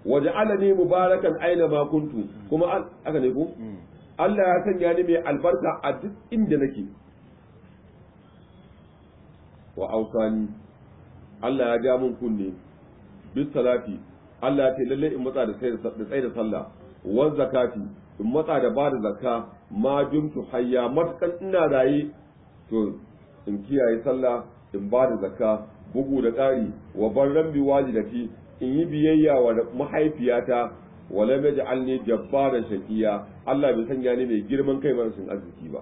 waje alani mubarakan aina ma kuntu kuma aka ne ku hmm. Allah ya sanya ni mai albarka a duk inda nake wa ausani Allah ya ja mun kunne bis salati Allah ya ce lalle in matsa da tsai da sallah wa zakati in matsa da bada da zakka ma jumtu hayya matakan ina raye to in kiyaye sallah in bada da zakka bugu da ƙari wa barran da walidati in yi biyayya wa mahaifiyata wala maj'alni jabbara shakiya, Allah bai sanya ni mai girman kai marasin arziki ba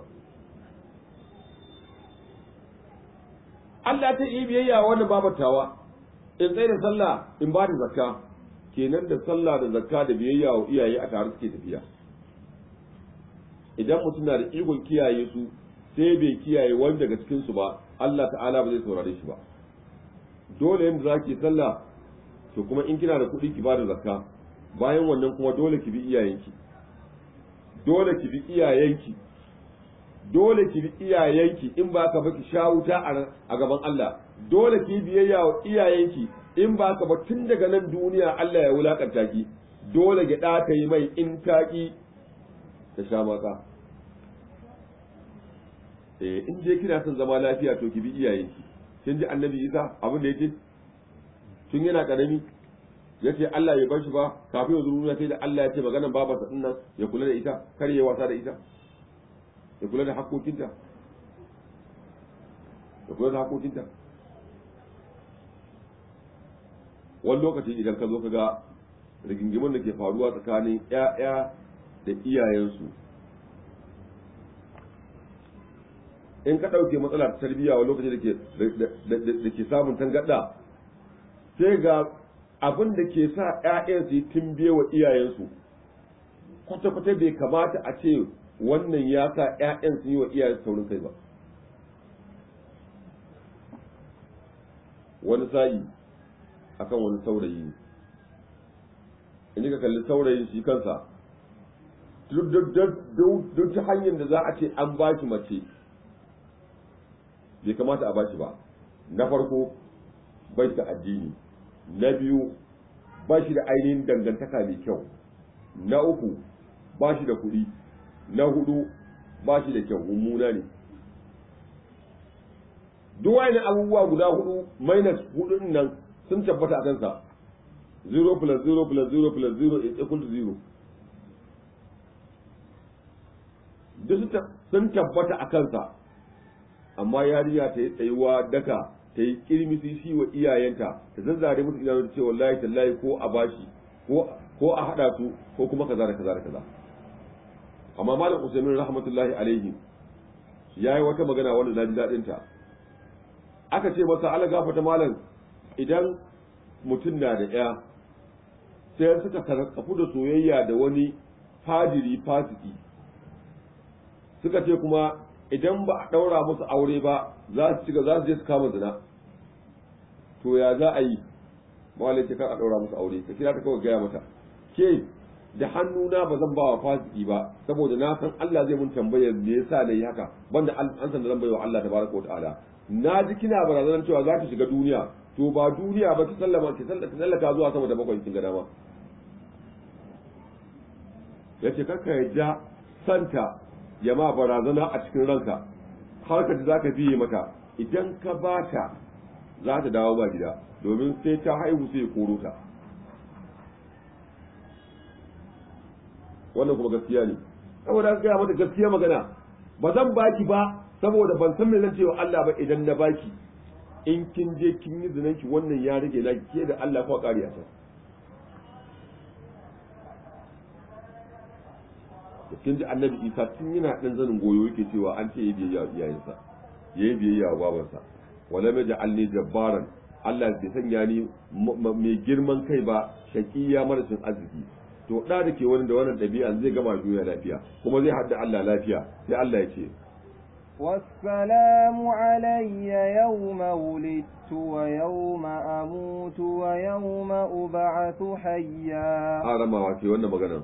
Allah ta yi biyayya wa wannan babatawa in tsaye da sallah in ba da zakka kenan da sallah da zakka da biyayya wa iyaye a tare suke tafiya idan mutum na da ikon kiyaye su sai bai kiyaye wani daga cikinsu ba Allah ta'ala ba zai saurare shi ba dole yin za ki sallah to kuma in kina da kuɗi ki ba da zakka bayan wannan kuma dole ki bi iyayenki dole ki bi iyayenki dole ki bi iyayenki in ba ka ba ki a gaban Allah dole ki biyayya wa iyayenki in ba ka ba tun daga nan duniya Allah ya wulakanta ki dole gyaɗa ta yi mai in ta ki ta sha maka eh in je kina son zama lafiya to ki bi iyayenki kin ji annabi Isa abin da yake tun yana karami ya ce Allah bai bar shi ba kafin ya zuru sai da Allah ya ce maganar babarsa din nan ya kula da ita kar ya wasa da ita ya kula da hakokinta ya kula da hakokinta wani lokaci idan ka zo ka ga rigingimin da ke faruwa tsakanin 'ya'ya da iyayensu in ka ɗauke matsalar tarbiyya wani lokaci da ke samun tangaɗa sai ga abin da ke sa 'ya'yansu su yi timbe wa iyayensu kwata-kwata bai kamata a ce wannan ya sa 'ya'yan su yi wa iyayensu saurin kai ba wani sa'i akan wani saurayi in ka kalli saurayin shi kansa duk ta hanyar da za a ce an ba shi mace bai kamata a ba shi ba na farko bai da addini na biyu ba shi da ainihin dangantaka mai kyau na uku ba shi da kuɗi na hudu ba shi da kyau mummuna ne duk wani abubuwa guda hudu minus hudun nan sun tabbata a kansa 0 plus 0 plus 0 plus 0 is equal to 0 duk sun tabbata a kansa amma yariya ta yi tsayuwa daga ta yi kirmisi shi wa iyayenta ta zazzare musu idanu ta ce wallahi tallahi ko a bashi ko a haɗa su ko kuma kaza da kaza da kaza amma malam usaimin rahmatullahi alaihi ya yi wata magana wanda na ji daɗinta aka ce masa ala gafata malam idan mutum na da ya sai suka sarrafa da soyayya da wani fadiri fasiki suka ce kuma idan ba a ɗaura musu aure ba za su ci za su je su kama zina to ya za a yi mawalin ce kan a ɗaura musu aure ka kira ta kawai gaya mata ke da hannuna ba zan ba wa fasiki ba saboda na san Allah zai mun tambaya me yasa na yi haka banda an san da zan bai wa Allah tabaraka wa ta'ala na ji kina barazanar cewa za ki shiga duniya to ba duniya ba ta sallama ta sallaka zuwa sama da bakwai kin ga dama yace ka ya ja santa ya ma barazana a cikin ranka har ka ji zaka biye mata idan ka bata za ta dawo ba gida domin sai ta haihu sai koro ta wannan kuma gaskiya ne saboda aka gaya mata gaskiya magana ba zan baki ba saboda ban san me zan cewa Allah ba idan na baki in kin je kin yi zinanki wannan ya rage na ke da Allah ko ƙari a kin ji annabi isa tun yana ɗan zanin goyo yake cewa an ce ya biyayya iyayensa ya yi biyayya wa babansa wala mai alli jabbaran Allah bai sanya ni mai girman kai ba shaƙiya marashin arziki to da da ke wani da wannan ɗabi'a zai gama juya lafiya kuma zai hadda Allah lafiya sai Allah ya ce والسلام علي يوم ولدت ويوم أموت ويوم أبعث حيا هذا ما وكي وانا مغنى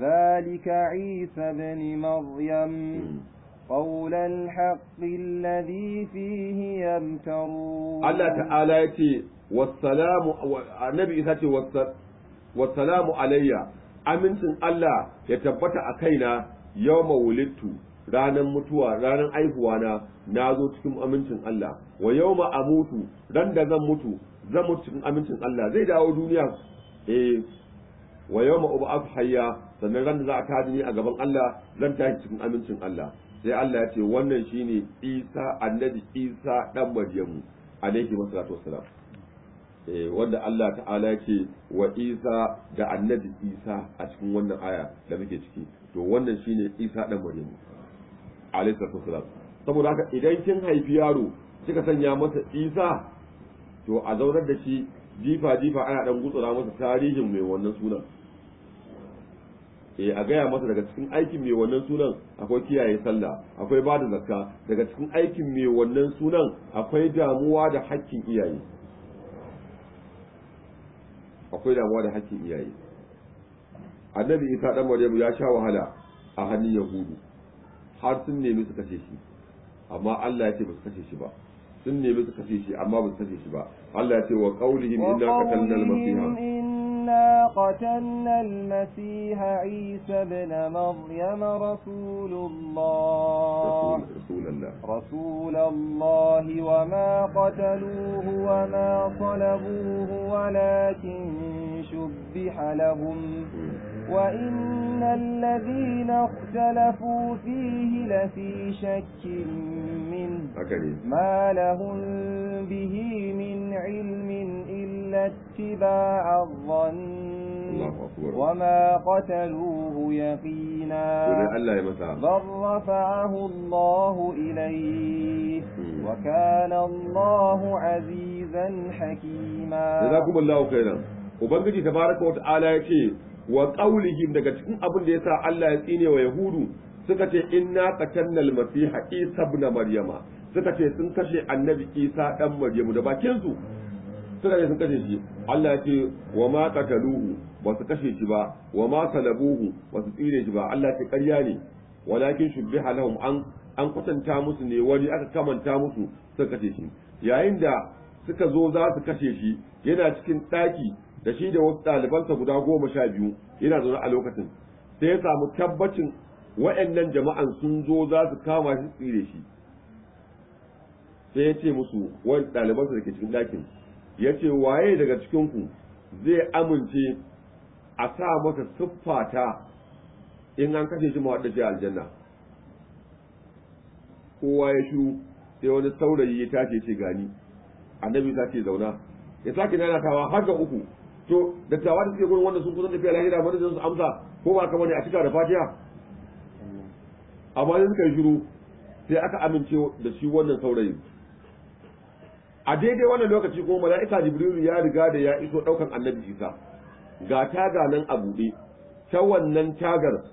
ذلك عيسى بن مريم قول الحق الذي فيه يمترون الله تعالى يتي والسلام النبي يتي والسلام علي أمنت الله يتبت أكينا يوم ولدت ranar mutuwa ranar aihuwa na na zo cikin amincin Allah wa yawma amutu ran da zan mutu zan mutu cikin amincin Allah zai dawo duniya eh wa yawma ub'ath hayya sannan ran da za a tada ni a gaban Allah zan tashi cikin amincin Allah sai Allah ya ce wannan shine Isa annabi Isa dan Maryamu alaihi wasallatu wassalam eh, wanda Allah ta'ala ya ce wa Isa da annabi Isa a cikin wannan aya da muke ciki to wannan shine Isa dan Maryamu alayhi salatu saboda haka idan kin haifi yaro kika sanya masa isa to a zaunar da shi jifa jifa ana dan gutsura masa tarihin mai wannan sunan eh a gaya masa daga cikin aikin mai wannan sunan akwai kiyaye sallah akwai bada zakka daga cikin aikin mai wannan sunan akwai damuwa da haƙƙin iyaye akwai damuwa da hakkin iyaye annabi isa dan maryamu ya sha wahala a hannun yahudu har sun nemi su kashe shi amma Allah ya ce ba su kashe shi ba sun nemi su kashe shi amma ba su kashe shi ba Allah ya ce wa qaulihim inna qatalna al-masiha inna qatalna al-masiha isa ibn رسول rasulullah rasulullah rasulullah wa ma qataluhu wa ma salabuhu walakin shubbiha lahum وإن الذين اختلفوا فيه لفي شك منه ما لهم به من علم إلا اتباع الظن وما قتلوه يقينا بل رفعه الله إليه وكان الله عزيزا حكيما جزاكم الله خيرا وبنجي تبارك وتعالى يقول wa qaulihim daga cikin abin da yasa Allah ya tsine wa yahudu suka ce inna qatanna al-masiha isa ibn maryama suka ce sun kashe annabi isa dan maryamu da bakin su suka ce sun kashe shi Allah ya ce wa ma qataluhu ba su kashe shi ba wa ma salabuhu ba su tsine shi ba Allah ya ce ƙarya ne walakin shubbiha lahum an an kwatanta musu ne wani aka kamanta musu suka kashe shi yayin da suka zo za su kashe shi yana cikin ɗaki da shi da wasu ɗalibansa guda goma sha biyu yana zaune a lokacin sai ya samu tabbacin wa'annan jama'an sun zo za su kama shi tsire shi sai ya ce musu wani ɗalibansa da ke cikin ɗakin ya ce waye daga cikinku zai amince a sa masa siffata in an kashe shi mawaɗa aljanna kowa ya shiru sai wani saurayi ya ya ce gani annabi ta ce zauna ya sake nanatawa har ga uku to dattawa da suke gurin wanda sun kusan tafiya lahira ba da su amsa ko ba kamar ne a cika da fatiha amma yanzu suka shiru sai aka amince da shi wannan saurayi a daidai wannan lokaci kuma mala'ika jibrilu ya riga da ya iso daukan annabi isa ga taga nan a buɗe ta wannan tagar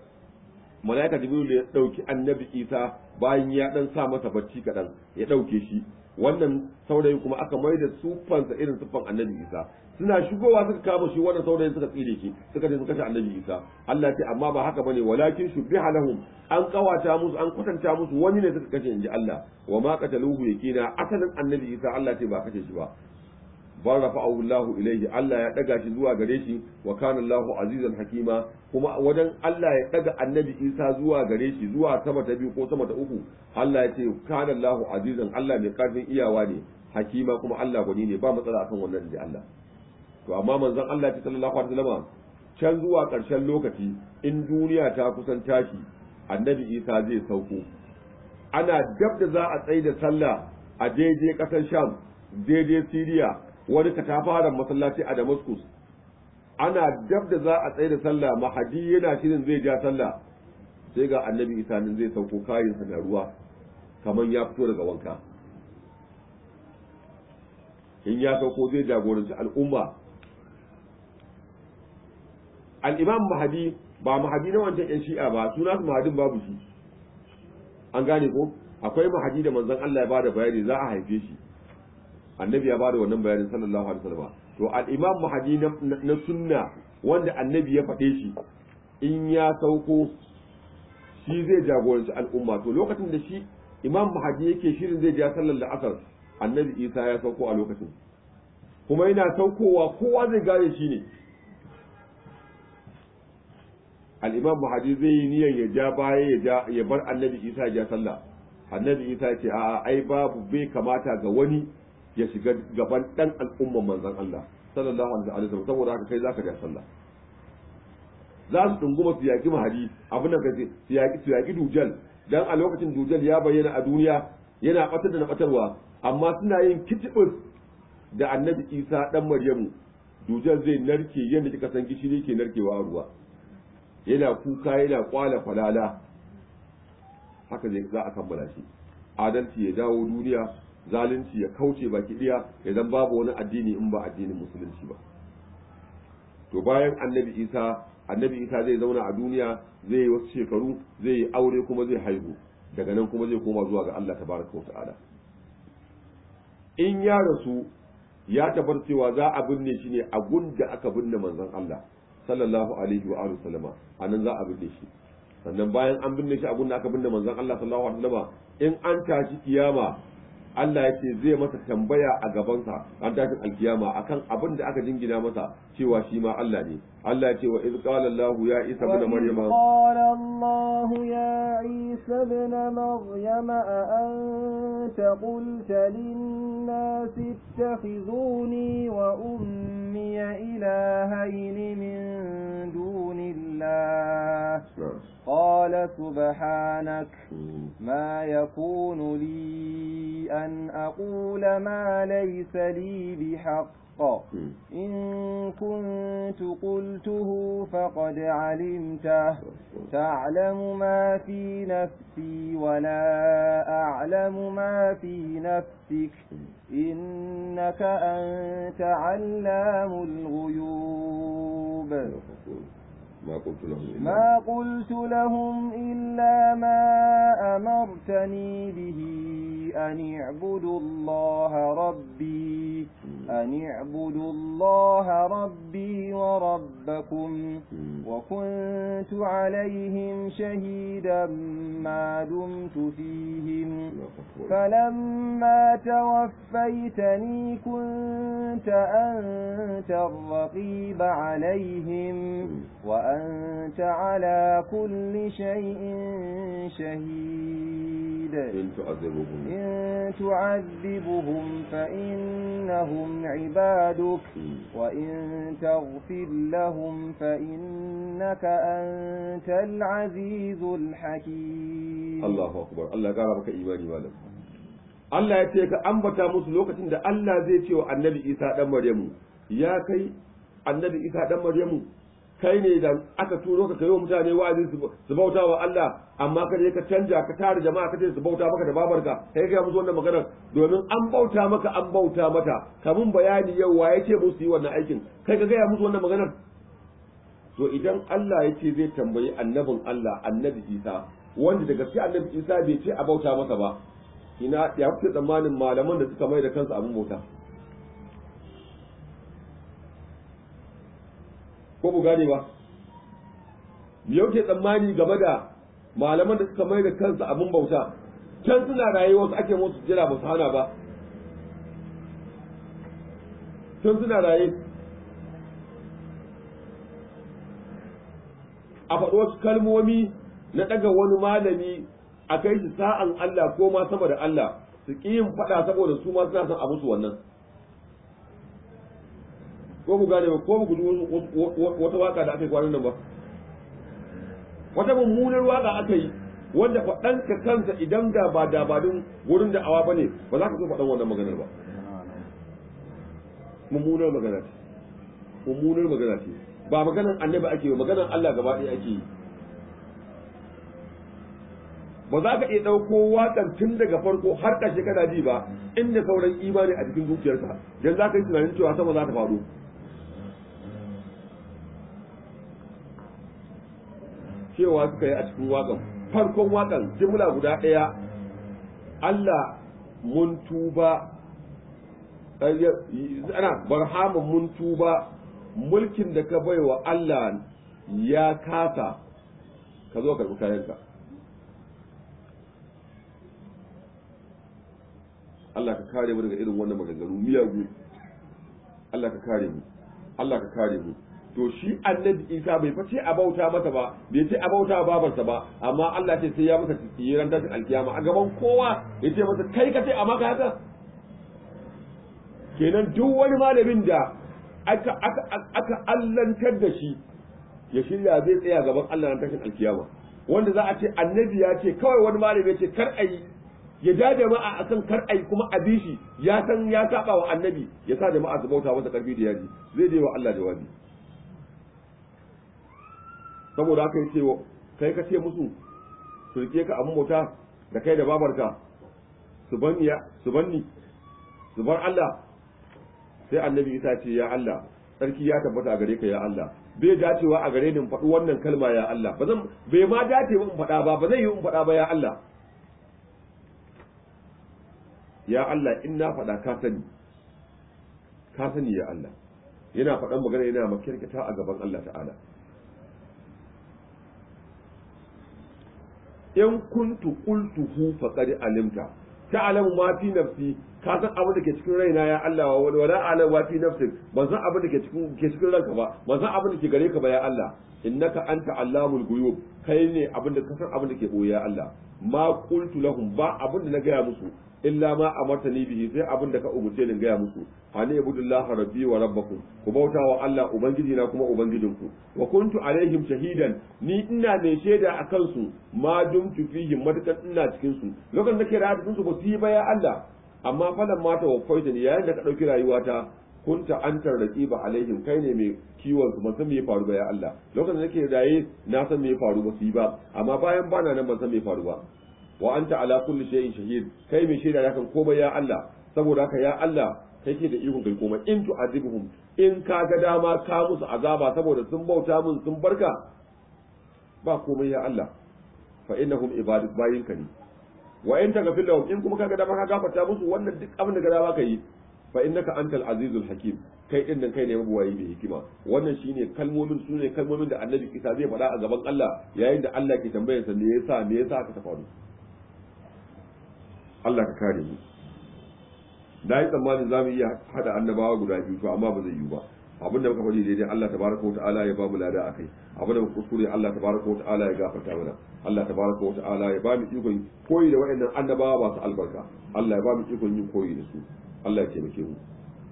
mala'ika jibrilu ya dauki annabi isa bayan ya dan sa masa bacci kadan ya dauke shi wannan saurayin kuma aka mai da sufansa irin sufan annabi isa suna shigowa suka kama shi wannan saurayin suka tsire shi suka je suka kashe annabi isa Allah ce amma ba haka bane walakin shubbiha lahum an kawata musu an kwatanta musu wani ne suka kashe inji Allah wa ma qataluhu yakina asalin annabi isa Allah ce ba kashe shi ba bar rafa'ahu Allahu ilayhi Allah ya daga shi zuwa gare shi wa kana Allahu azizan hakima kuma wajen Allah ya daga annabi Isa zuwa gare shi zuwa sama ta biyu ko sama ta uku Allah ya ce kana Allahu azizan Allah mai karfin iyawa ne hakima kuma Allah gwani ne ba matsala akan wannan da Allah to amma manzon Allah ta sallallahu alaihi wasallam can zuwa ƙarshen lokaci in duniya ta kusan tashi annabi Isa zai sauko ana dab da za a tsaye da sallah a daidai ƙasar Sham daidai Syria wani fara masallaci a Damascus ana dab da za a tsaye da sallah mahadi yana shirin zai ja sallah sai ga annabi isa nan zai sauko sa na ruwa kamar ya fito daga wanka in ya sauko zai jagoranci al'umma al-imam mahdi ba mahdi na wancan yan shi'a ba suna su mahdin babu shi an gane ko akwai mahdi da manzon Allah ya bada bayani za a haife shi annabi ya bada wannan bayanin sallallahu alaihi wasallam to al-imam mahdi na sunna wanda annabi ya faɗe shi in ya sauko shi zai jagoranci al'umma to lokacin da shi imam mahadi yake shirin zai ja sallar da asar annabi isa ya sauko a lokacin kuma yana saukowa kowa zai gane shi ne al-imam mahadi zai yi niyyar ya ja baya ya ja ya bar annabi isa ya sallah annabi isa ce a'a ai babu bai kamata ga wani ya shiga gaban dan al'umman manzon Allah sallallahu alaihi sallam saboda haka kai zaka ja sallah za su dunguma su yaki mahadi abin da kace su yaki su yaki dujal dan a lokacin dujal ya bayyana a duniya yana batar da batarwa amma suna yin kitibus da annabi isa dan maryamu dujal zai narke yadda kika san gishiri ke narkewa a ruwa yana kuka yana kwala falala haka zai za a kammala shi adalci ya dawo duniya zalunci ya kauce baki ɗaya idan babu wani addini in ba addinin musulunci ba to bayan annabi isa annabi isa zai zauna a duniya zai yi wasu shekaru zai yi aure kuma zai haihu daga nan kuma zai koma zuwa ga allah tabaraka wa ta'ala in ya rasu ya tabar cewa za a binne shi ne a da aka binne manzon allah sallallahu alaihi wa alihi sallama anan za a binne shi sannan bayan an binne shi a gunda aka binne manzon Allah sallallahu alaihi wa sallama in an tashi kiyama Allah ya ce zai masa tambaya a gabansa an tashin alkiyama akan abin da aka jingina masa cewa shi ma Allah ne Allah ya ce wa idh qala Allah ya Isa ibn Maryam qala Allah ya Isa ibn Maryam a anta qulta lin-nas ittakhizuni wa ummi ilahayn min dunillah قال سبحانك ما يكون لي أن أن أقول ما ليس لي بحق إن كنت قلته فقد علمته تعلم ما في نفسي ولا أعلم ما في نفسك إنك أنت علام الغيوب ما قلت لهم ما قلت لهم إلا ما أمرتني به أن اعبدوا الله ربي أن اعبدوا الله ربي وربكم وكنت عليهم شهيدا ما دمت فيهم فلما توفيتني كنت أنت الرقيب عليهم وأنت وأنت على كل شيء شهيد إن تعذبهم, إن تعذبهم فإنهم عبادك وإن تغفر لهم فإنك أنت العزيز الحكيم الله أكبر الله قال لك إيماني مالك Allah ya ce ka ambata musu lokacin da Allah zai ce wa annabi Isa ɗan Maryamu ya kai annabi Isa ɗan Maryamu kai ne da aka turo ka kai wa mutane wa'azi su bauta wa Allah amma ka ka canja ka tare jama'a ka ce su bauta maka da babarka kai ka musu wannan maganar domin an bauta maka an bauta mata kamun bayani yau wa yake musu yi wannan aikin kai ka gaya musu wannan maganar to idan Allah ya ce zai tambayi annabin Allah annabi Isa wanda daga gaske annabi Isa bai ce a bauta masa ba ina ya kuke tsammanin malaman da suka mai da kansu abin bauta ko ku gane ba yau ke tsammani game da malaman da suka mai da kansu abin bauta can suna rayuwa su ake musu jira ba su hana ba tun suna raye a faɗi wasu kalmomi na ɗaga wani malami a kai shi sa'an Allah ko ma sama da Allah su ƙi yin faɗa saboda su ma suna son a musu wannan ko ku gane ba ko ku wata waka da aka yi kwanan nan ba wata mummunar waka aka yi wanda faɗanka kansa idan da ba dabadin wurin da awa bane ba za ka so faɗan wannan maganar ba mummunar magana ce mummunar magana ce ba maganar annabi ake yi maganar Allah gaba ɗaya ake yi ba za ka iya ɗauko watsar tun daga farko har ƙarshe kana ji ba inda sauran imani a cikin zuciyarka don za ka yi tunanin cewa sama za ta faru cewa suka yi a cikin waƙan farkon waƙan jimla guda ɗaya Allah mun tuba eh, ana barhamun mun tuba mulkin da ka baiwa Allah ya kasa ka zo karɓi kayanka Allah ka kare mu daga irin wannan maganganu miyagu Allah ka kare mu Allah ka kare mu to shi annabi isa bai fa ce a bauta masa ba bai ce a bauta babarsa ba amma Allah ce sai ya masa tsiran tashin alkiyama a gaban kowa ya ce masa kai ka ce a maka haka kenan duk wani malamin da aka aka aka allantar da shi ya shirya zai tsaya gaban Allah na tashin alkiyama wanda za a ce annabi ya ce kawai wani malami ya ce kar a yi ya ja jama'a akan kar ai kuma a bi shi ya san ya saba wa annabi ya sa jama'a su bauta masa karfi da yaji zai je wa Allah jawabi saboda haka yace kai ka ce musu su rike ka abin bauta da kai da babarka su banni su ni su bar Allah sai annabi Isa ce ya Allah sarki ya tabbata a gare ka ya Allah bai dacewa a gare ni in faɗi wannan kalma ya Allah ba zan bai ma dace in faɗa ba ba zai yi in faɗa ba ya Allah ya Allah in na faɗa ka sani ka sani ya Allah yana faɗan magana yana makirkita a gaban Allah ta'ala in kuntu qultuhu faqad alimta ta alamu ma fi nafsi ka san abin da ke cikin raina ya Allah wa wala alam wa fi nafsi ban san abin da ke cikin ke cikin ranka ba ban san abin da ke gare ka ba ya Allah innaka anta allamul ghuyub kai ne abin da ka san abin da ke boye ya Allah ma qultu lahum ba abin da na gaya musu illa ma amartani bihi sai abin da ka umurce ni gaya muku hani ibudullahi rabbi wa rabbakum ku bauta wa Allah ubangiji na kuma ubangijinku wa kuntu alaihim shahidan ni ina ne shaida a kansu ma tu fihi matakan ina cikin su lokacin da ke rayuwa su ba su yi ba ya Allah amma falan mata wa koyta ni yayin da ka dauki rayuwata kunta antar raqiba alaihim kai ne mai kiwon su ban san me faru ba ya Allah lokacin da nake raye na san me ya faru ba su yi ba amma bayan bana nan ban san me faru ba wa anta ala kulli shay'in shahid kai mai shaida da kan komai ya Allah saboda haka ya Allah kai ke da ikon kai komai in tu'azibuhum in ka ga dama ka musu azaba saboda sun bauta mun sun barka ba komai ya Allah fa innahum ibaduk bayin kani wa in gafil lahum in kuma ka ga dama ka gafarta musu wannan duk abin da ga dama ka yi fa innaka antal azizul hakim kai din nan kai ne mabuwayi mai hikima wannan shine kalmomin sune kalmomin da annabi isa zai faɗa a gaban Allah yayin da Allah ke tambayar sa me yasa me yasa aka ta Allah ka kare mu na yi tsammanin za mu iya haɗa annabawa guda biyu to amma ba zai yiwu ba abin da muka faɗi daidai Allah tabaraka wa ta'ala ya ba mu lada a kai abin da muka kuskure Allah tabaraka wa ta'ala ya gafarta mana Allah tabaraka wa ta'ala ya ba mu ikon koyi da waɗannan annabawa ba su albarka Allah ya ba mu ikon yin koyi da su Allah ya taimake mu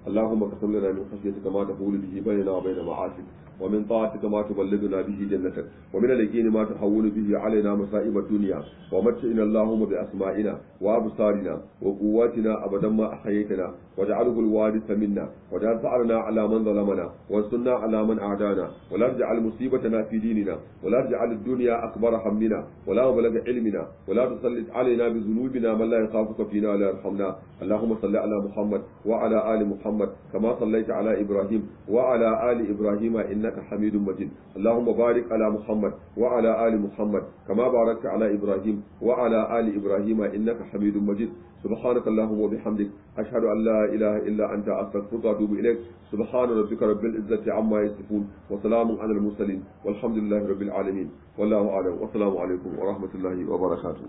اللهم قسم لنا من خشيتك ما تقول به بيننا وبين معاصيك ومن طاعتك ما تبلغنا به جنتك ومن اليقين ما تحول به علينا مصائب الدنيا ومتعنا اللهم بأسمائنا وأبصارنا وقواتنا أبدا ما أحييتنا واجعله الوارث منا واجعل ثأرنا على من ظلمنا وانصرنا على من أعدانا ولا تجعل مصيبتنا في ديننا ولا تجعل الدنيا أكبر همنا ولا مبلغ علمنا ولا تسلط علينا بذنوبنا من لا يخافك فينا ولا يرحمنا اللهم صل على محمد وعلى آل محمد كما صليت على إبراهيم وعلى آل إبراهيم إن إنك حميد مجيد اللهم بارك على محمد وعلى آل محمد كما باركت على إبراهيم وعلى آل إبراهيم إنك حميد مجيد سبحانك اللهم وبحمدك أشهد أن لا إله إلا أنت أستغفرك وأتوب إليك سبحان ربك رب العزة عما يصفون وسلام على المرسلين والحمد لله رب العالمين والله أعلم والسلام عليكم ورحمة الله وبركاته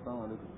السلام عليكم